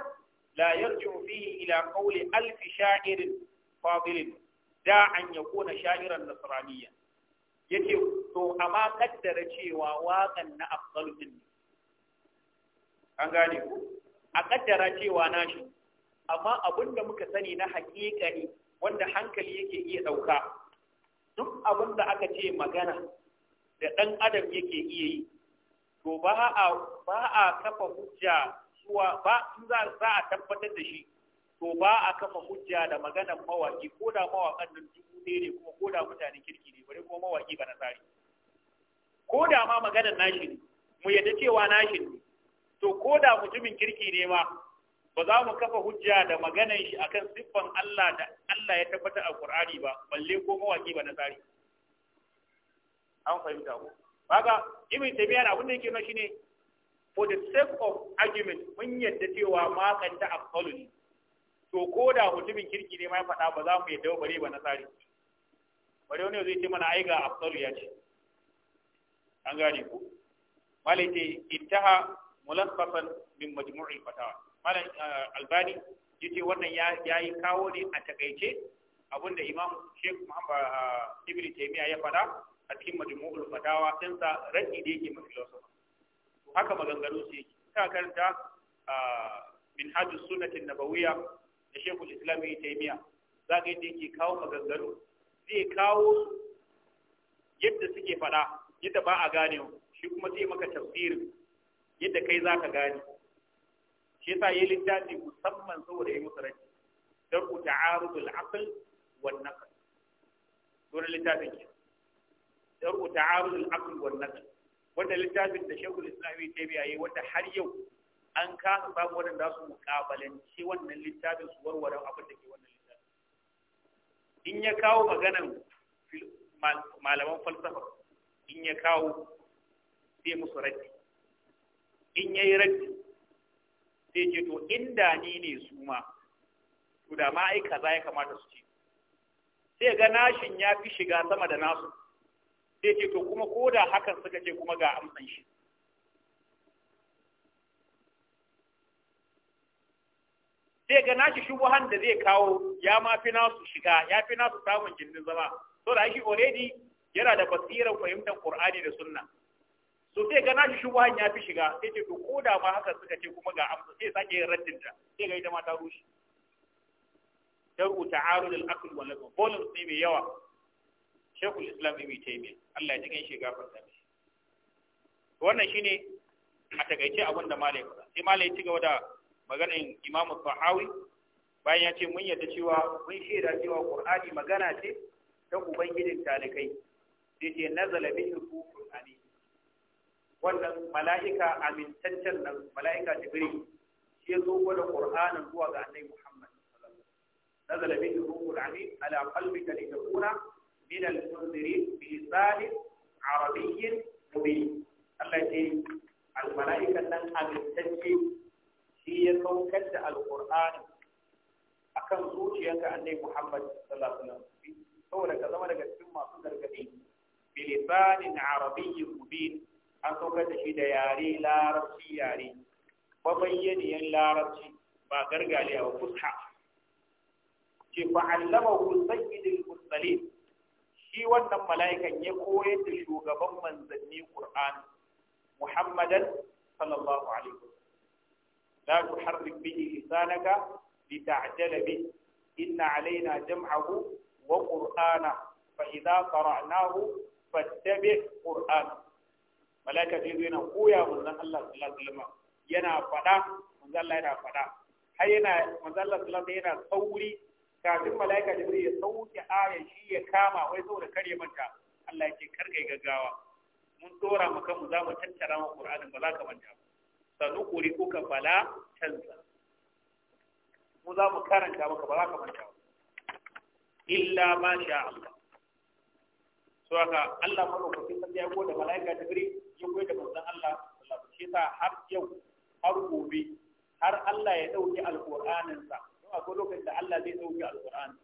la yarji'u fihi ila qawli alf sha'ir fadil da an yakuna sha'iran nasraniyya yace to amma kaddara cewa waƙan na afdal din an gane ku a kaddara cewa nashi amma abin da muka sani na haƙiƙani wanda hankali yake iya ɗauka duk abin da aka ce magana da ɗan adam yake iya yi to ba a kafa hujja zuwa ba za a tabbatar da shi to ba a kafa hujja da maganar mawaki ko da mawakan nan dubu ɗaya ne kuma ko da mutane kirki ne bare kuma mawaki ba na tsari ko da ma maganar nashi ne mu yadda cewa nashi ne to ko da mutumin kirki ne ma ba za mu kafa hujja da maganan shi akan siffan Allah da Allah ya tabbata a Qur'ani ba balle ko mawaki ba na tsari an fahimta ko kaga ibn na abin da yake na shine for the sake of argument mun yadda cewa ma kanta afdalun to ko da mutumin kirki ne ma ya faɗa ba za mu yadda bare ba na tsari bare wani zai ce mana ai ga afsalu ya ce an gane ku malaiti ce mulakhasan min majmu'il fatawa malam uh, albani yace wannan ya yi kawo ne a takeice abinda imam sheikh muhammad uh, ibn taymiya ya fada a cikin majmu'ul fatawa din sa raddi da yake mafi filosofa to haka maganganu su yake ta karanta uh, min hajjus sunnati nabawiyya da shekul islam ibn taymiya zaka yadda yake kawo maganganu zai kawo yadda suke fada yadda ba a gane shi kuma zai maka tafsirin yadda kai za ka gane shi yasa yi littafi musamman saboda yi musu raji don ku ta'arudul aql wan naql sunan littafin ke don ku ta'arudul aql wan naql wanda littafin da shekul islami ta biya yi wanda har yau an kasa samu waɗanda su mukabalanci wannan littafin su warware abin da ke wannan littafin in ya kawo maganan malaman falsafa in ya kawo sai musu in yayi raddi sai ce to inda ni ne su ma to da ma kaza ya kamata su ce sai ga nashin ya fi shiga sama da nasu sai ce to kuma ko da hakan suka ce kuma ga amsan shi sai ga nashi shubuhan da zai kawo ya ma fi nasu shiga ya fi nasu samun jindin zama to da shi already yana da basirar fahimtar Qur'ani da Sunna so sai ga nashi shubuhan ya fi shiga sai ce to ko ma haka suka ce kuma ga amsa sai sake yin raddin ta sai ga ita ma ta rushe daru ta'arud al-aql wal aql volumes ne mai yawa shekul islam ibn taymiya Allah ya ji shi gafarta mishi wannan shine a takaice abin da malai faɗa. sai malai ci gaba da maganin imam sahawi bayan ya ce mun yadda cewa mun shaida cewa qur'ani magana ce ta ubangijin talikai sai ce nazala bihi qur'ani wannan mala'ika amintaccen nan mala'ika jibril shi ya zo gwada qur'anin zuwa ga annabi muhammad nazala bihi ruhul amin ala qalbika litakuna min al-munzirin bi lisanin arabiyyin mubin Allah ya al mala'ika nan amintacce shi ya saukar da al-qur'ani akan zuciyarka annabi muhammad sallallahu alaihi wasallam saboda ka zama daga cikin masu gargadi bi lisanin arabiyyin mubin an sauka da shi da yare larabci yare ba bayyaniyan larabci ba gargaliya ba fusha ce fa allama sayyidul mursalin shi wannan mala'ikan ya koyar da shugaban manzanni qur'ani muhammadan sallallahu alaihi wasallam la tuharrik bihi lisanaka lita'jala bihi inna alaina jam'ahu wa qur'ana fa idza qara'nahu fattabi' qur'ana malaika zai na yana koya manzon Allah sallallahu alaihi wasallam yana faɗa manzon Allah yana faɗa har yana manzon Allah sallallahu alaihi wasallam yana sauri kafin malaika jibril ya sauke ayan shi ya kama wai saboda kare manta Allah yake karkai gaggawa mun dora maka mu za mu tattara mu Qur'anin ba za ka manta kuri kuka fala tanza mu za mu karanta maka ba za ka manta illa ma sha Allah so haka Allah madaukakin sarki ya goda malaika jibril ya goda manzon Allah sallallahu alaihi wasallam har yau har gobe har Allah ya dauki alqur'anin sa don akwai lokacin da Allah zai dauki alqur'ani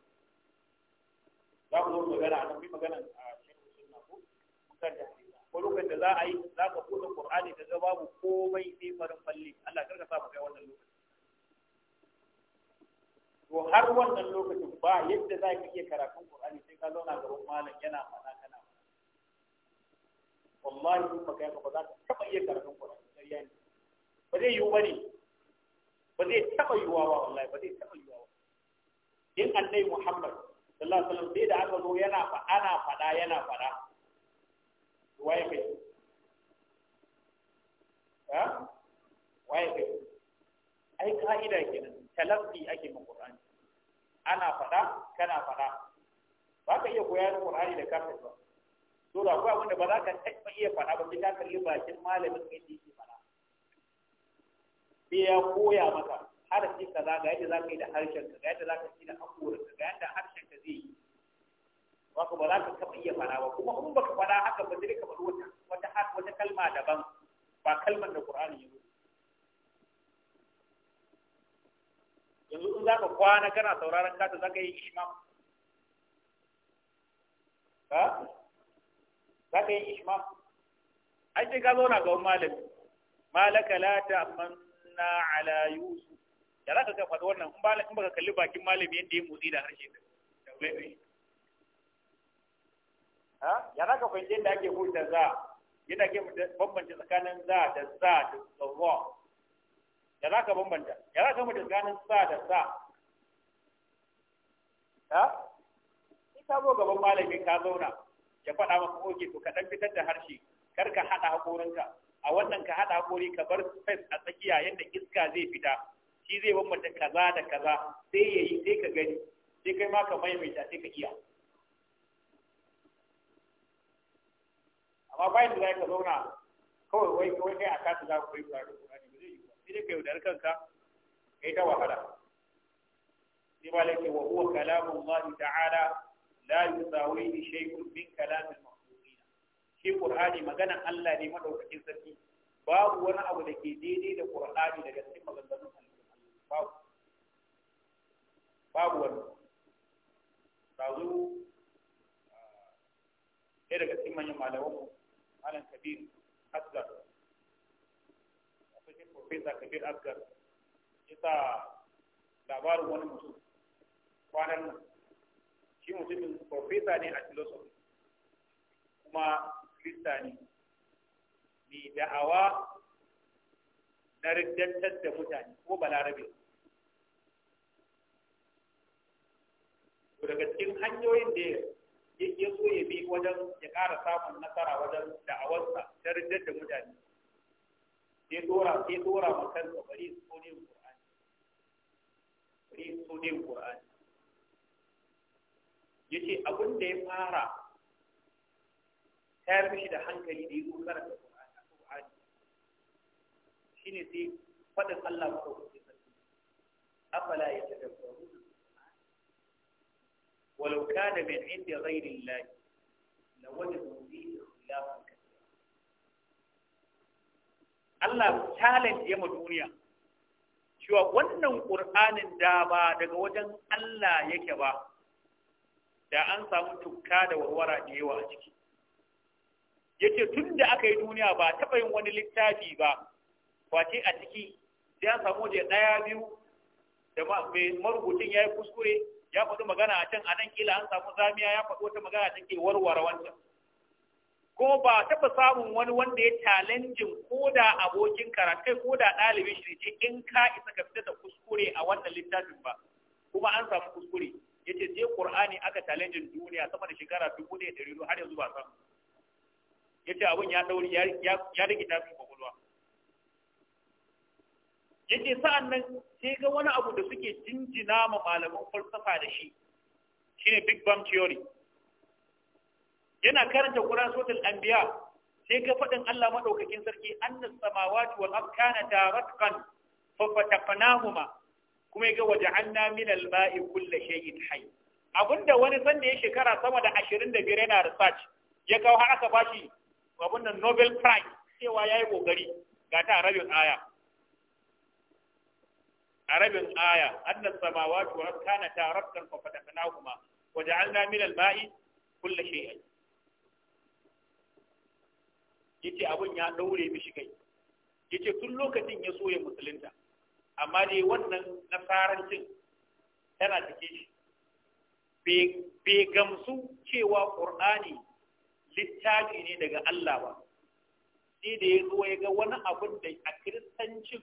za ku zo magana a nan magana a shehu sunna ko mutan da ko lokacin da za a yi za ka buɗe qur'ani da ga babu komai sai farin falli Allah karka sa mu kai wannan lokaci to har wannan lokacin ba yadda za ka iya karatun Qur'ani sai ka zauna gaban malam yana faɗa wallahi kun baka yaka ba za ka taba iya karatun Qur'ani ƙarya ne ba zai yiwu bane ba zai taba yiwuwa ba wallahi ba zai taba yiwuwa in annabi Muhammad sallallahu alaihi wasallam da aka zo yana fa ana fada yana fada waye kai ha waye kai ai ka'ida kenan talaffi ake ma Qur'ani ana fada kana fada ba ka iya koyar Qur'ani da kafin ba to akwai abin da ba za ka taɓa iya faɗa ba sai ka kalli bakin malamin kai da yake faɗa sai ya koya maka har shi ka za ga yadda za ka yi da harshen ka ga yadda za ka yi da haƙorin ka ga yadda harshen ka zai yi waka ba za ka taɓa iya faɗa ba kuma in baka faɗa haka ba zai ka faɗi wata wata wata kalma daban ba kalmar da Qur'ani ya zo yanzu in za ka kwana kana sauraron kata za ka yi imam ha za ka yi ishma ai sai ka zauna ga wani malaka la ta'manna ala yusuf ya za ka ga faɗi wannan in ba ka kalli bakin malami yadda ya motsi da harshe da ha ya za ka fahimci yadda ake huta za yana ke bambanta tsakanin za da za da tsawo ya za ka bambanta ya za ka mutu tsakanin za da sa ha sai ka zo gaban malami ka zauna ya faɗa maka oke to ka ɗan fitar da harshe kar ka haɗa haƙorinka a wannan ka haɗa haƙori ka bar space a tsakiya yadda iska zai fita shi zai bambanta kaza da kaza sai ya yi sai ka gani sai kai ma ka maimaita sai ka iya amma bayan da za ka zauna kawai wai kawai kai a kasa za ku yi ba da Qur'ani ba zai yi ba sai dai ka yaudar kanka kai ta wahala sai ba laifin wa huwa kalamun Allah ta'ala la yusawihi shay'un min kalamil makhluqin shi qur'ani magana Allah ne madaukakin sarki babu wani abu da ke daidai da qur'ani daga cikin maganganun Allah babu babu wani tazo ɗaya daga cikin manyan malaman malam kabir asgar akwai profesa kabir asgar ya sa labarin wani mutum kwanan nan shi mutumin profesa ne a philosophy kuma krista ne mai da'awa na riddantar da mutane ko balarabe daga cikin hanyoyin da ya so ya bi wajen ya ƙara samun nasara wajen da'awarsa ta riddar da mutane sai dora sai tsora ma kansa bari su ne Qur'ani bari su ne Qur'ani ya ce abin da ya fara tayar mishi da hankali da yi kokarar da Qur'ani shi ne sai faɗin Allah ko kuma sai sarki afala ya tadabbaru walau kana min inda ghairi Allah lawajadu fihi ikhtilafan kathira Allah challenge ya ma duniya cewa wannan Qur'anin da ba daga wajen Allah yake ba da an samu tukka da warwara da yawa a ciki yace tun da aka yi duniya ba taɓa yin wani littafi ba kwace a ciki sai an samu waje ɗaya biyu da mai marubucin ya yi kuskure ya faɗi magana a can a nan kila an samu zamiya ya faɗi wata magana take warware wancan ko ba taɓa samun wani wanda ya talenjin ko da abokin karatai ko da ɗalibin shi ce in ka isa ka fita da kuskure a wannan littafin ba kuma an samu kuskure yace sai qur'ani aka challenge duniya sama da shekara 1100 har yanzu ba san yace abun ya dauri ya ya rike tafi kwakwalwa yace sa'an nan sai ga wani abu da suke jinjina ma malaman falsafa da shi shine big bang theory yana karanta qur'an suratul anbiya sai ga faɗin Allah maɗaukakin sarki annas samawati wal ard kanata ratqan fa fataqnahuma kuma ya ga waje hanna min alba'i kulle shay'in hayy abinda wani sanda ya shekara sama da da yana research ya kawo har aka bashi abin nan Nobel Prize cewa yayi kokari ga ta rabin aya Arabian aya annas samawati wa kana ta rabtan fa fatahnahuma Waje ja'alna min alba'i mai kulli shay'in yace abun ya daure mishi kai yace tun lokacin ya so ya musulunta amma dai wannan nasarancin tana cike shi bai gamsu cewa ƙur'ani littafi ne daga Allah ba sai da ya zo ya ga wani abin da a kiristancin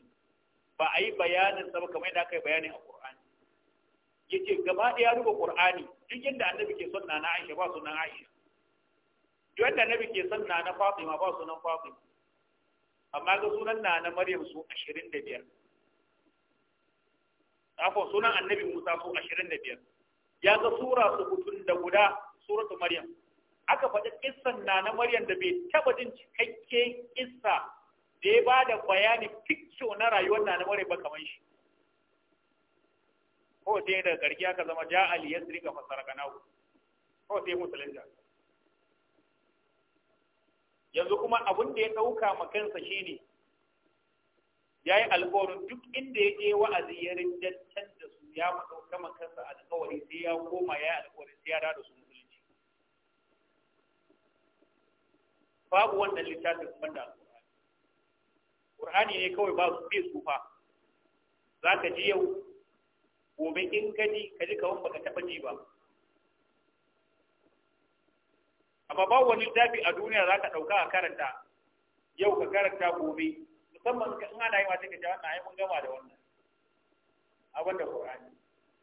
ba a yi bayanin sama ba kamar yadda aka yi bayanin a ƙur'ani ya ce gaba ɗaya duba ƙur'ani duk yadda annabi ke son na Aisha ba sunan Aisha duk yadda annabi ke son na Fatima ba sunan Fatima amma ga sunan na Maryam su ashirin da biyar afo sunan annabi Musa su biyar, ya ga sura su hutun da guda suratu Maryam aka faɗi kissan na na Maryam da bai taba jin cikakke kissa da ya da bayani picture na rayuwar na na Maryam ba kamar shi ko sai daga aka zama ja ali yasri ga fasarkanahu ko sai musulunta yanzu kuma abin da ya ɗauka ma kansa shine ya yi alkawarin duk inda ya je wa'azi ya rinjantar da su ya maɗauka makansa alkawari sai ya koma ya yi alkawari sai ya da su musulunci babu wannan littafin ban da qur'ani ne kawai ba su bai tsufa za ka ji yau gobe in ka ji ka ji kawai baka taɓa ji ba amma babu wani littafi a duniya za ka ɗauka a karanta yau ka karanta gobe musamman in ana yi masu kace wannan ai mun gama da wannan abin da Qur'ani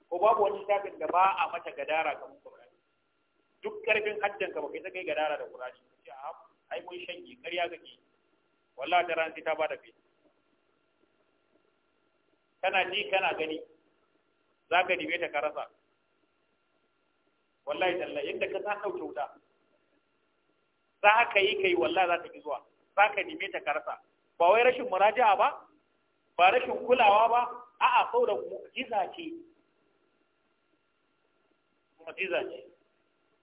ko babu wani shafin da ba a mata gadara kamar Qur'ani duk karfin haddan ka baka kai gadara da Qur'ani ce, a ai mun shanye ƙarya kake wallahi ta ran ta ba da fi kana ji kana gani za ka dibe ta ka rasa wallahi tallahi yadda ka san ɗauke wuta za ka yi kai wallahi za ta fi zuwa za ka dibe ta ka rasa ba wai rashin muraja ba ba rashin kulawa ba a'a da mu'jiza ce mu'jiza ce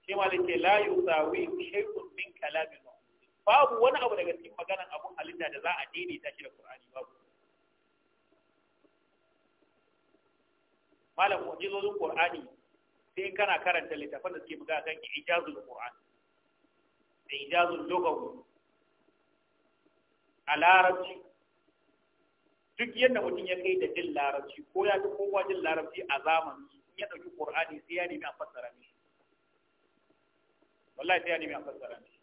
shi ma lace la yusawi shay'un min kalami babu wani abu daga cikin maganan abun halitta da za a ta shi da Qur'ani babu malam mu'jizozin Qur'ani sai in kana karanta littafin da suke magana kan ijazul Qur'an da ijazul lugawi a larabci duk yadda mutum ya kai da jin larabci ko ya fi kowa jin larabci a zamani in ya ɗauki ƙur'ani sai ya nemi a fassara mishi wallahi sai ya nemi a fassara mishi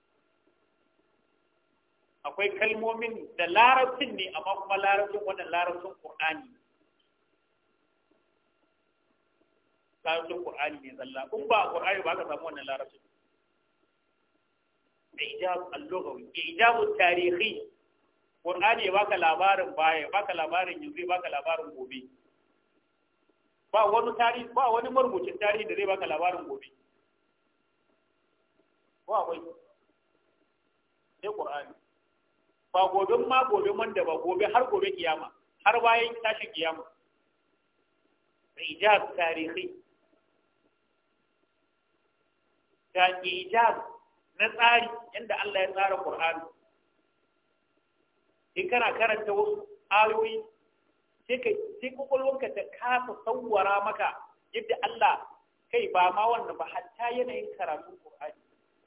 akwai kalmomin da larabcin ne amma kuma larabcin wannan larabcin ƙur'ani larabcin ƙur'ani ne zalla in ba ƙur'ani ba ka samu wannan larabcin ijab al-lughawi ijab al-tarihi Qur'ani ya baka labarin baya ya baka labarin yanzu ya baka labarin gobe ba wani tarihi ba wani marubucin tarihi da zai baka labarin gobe Ba wai sai Qur'ani ba gobe ma gobe wanda ba gobe har gobe kiyama har bayan tashi kiyama ijaz tarihi ga ijaz na tsari yadda Allah ya tsara Qur'ani in kana karanta wasu ayoyi sai kwakwalwarka ta kasa sauwara maka yadda Allah kai ba ma wannan ba hatta yanayin karatun Qur'ani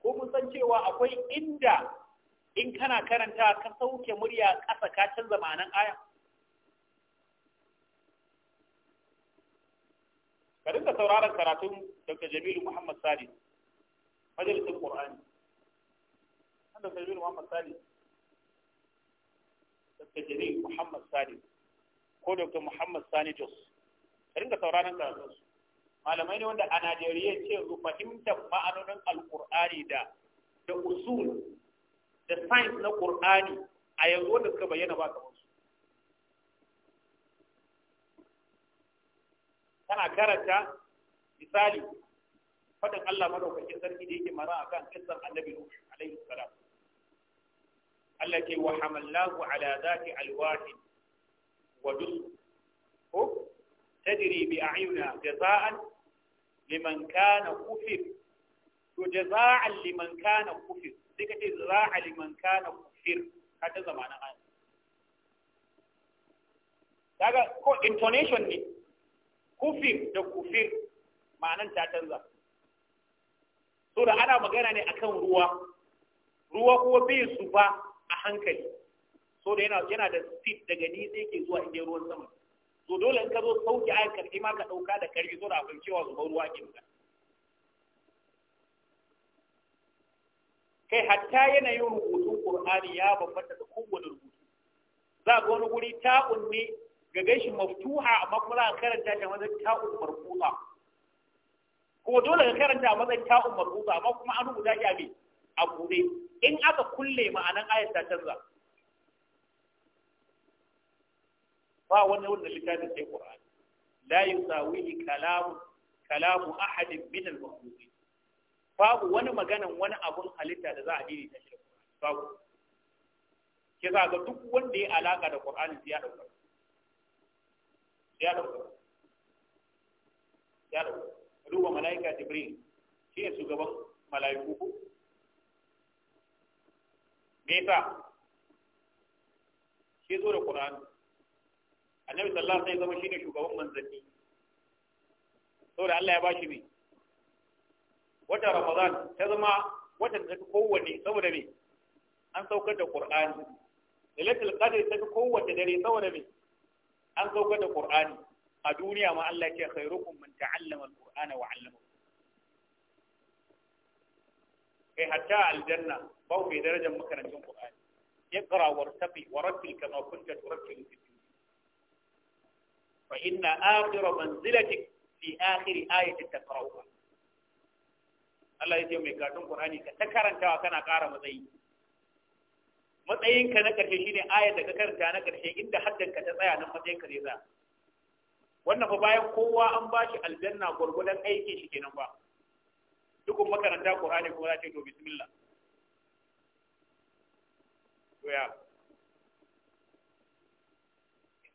ko mun san cewa akwai inda in kana karanta ka sauke murya ƙasa ka canza ma'anan aya ka dinga sauraron karatun Dr. Jamilu Muhammad Sali majalisin Qur'ani Dr. Jamilu Muhammad Dr. Jalil Muhammad Sani ko Dr. Muhammad Sani Jos ka ringa sauraron karatunsu malamai ne wanda a Najeriya ce su fahimtar ma'anonin Alƙur'ani da da usul da science na Ƙur'ani a yanzu wanda suka bayyana ba kamar su tana karanta misali faɗin Allah madaukakin sarki da yake mara akan kissan Annabi Nuh alaihi salam Allah ce wa hamallahu ala zati alwahin wa dus ko tajri bi a'yuna jaza'an liman kana kufir to jaza'an liman kana kufir sai ka ce jaza'a liman kana kufir har ta zamanin an daga ko intonation ne kufir da kufir ma'anan ta canza so da ana magana ne a kan ruwa ruwa kuma bai su ba a hankali so da yana da speed daga ni sai ke zuwa inda ruwan sama so dole in ka zo sauki ayan karfi ma ka dauka da karfi so da abin cewa zubar ruwa ke mutane kai hatta yanayin rubutun Qur'ani ya bambanta da kowane rubutu za ga wani guri ta'un ne ga gashin maftuha amma kuma za ka karanta ta wajen ta ta'un marfuta ko dole ka karanta a matsayin ta'un marfuta amma kuma an rubuta ya me a buɗe in aka kulle ma'anan ayat ta canza ba wani wanda littafin sai qur'ani la yusawi kalamu kalamu ahadin min al-makhluqin babu wani maganan wani abun halitta da za a ta shi da qur'ani babu ke ga duk wanda ya alaka da qur'ani ya dauka ya dauka ya dauka duba malaika jibril shi ne shugaban malaiku me shi zo da Qur'ani annabi sallallahu alaihi wasallam shine shugaban manzanni saboda Allah ya bashi me wata Ramadan ta zama wata ta fi kowanne saboda me an saukar da Qur'ani Lailatul Qadr ta fi kowanne dare saboda me an saukar da Qur'ani a duniya ma Allah ya ce khairukum man ta'allama al-Qur'ana wa 'allamahu kai hatta aljanna babu mai darajar makarantun Qur'ani اقرأ وارتقي ورتل كما كنت ترتل في الدنيا فإن آخر منزلتك في آخر آية تقرأها Allah ya ce mai karatun Qur'ani ka ta karantawa kana ƙara matsayi matsayinka na ƙarshe shine ayar da ka karanta na ƙarshe inda haddanka ta tsaya nan matsayinka zai tsaya wannan fa bayan kowa an bashi aljanna gwargwadon aikin shi kenan ba dukun makaranta Qur'ani kuma za ce to bismillah to ya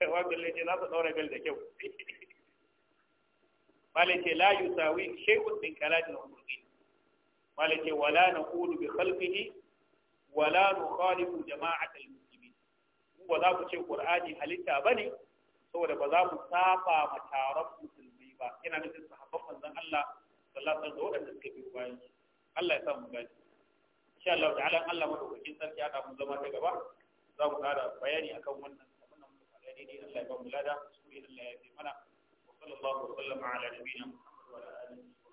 wa galle ce za su daura bel da kyau malai ce la yusawi shay'un min kalamin al-qur'an malai ce wala naqulu bi khalqihi wala nukhalifu jama'atal muslimin mu ba za ku ce qur'ani halitta bane saboda ba za mu saba ma taron musulmi ba ina nufin sahabban manzon Allah sallallahu alaihi wasallam da suka biyo bayan shi Allah ya sa mu gani insha Allah ta'ala Allah madaukakin sarki ana mun zama ta gaba za mu ƙara bayani akan wannan wannan da muka fara Allah ya ba mu lada suri Allah ya yi mana wa sallallahu alaihi wa sallam ala nabiyina Muhammad wa ala alihi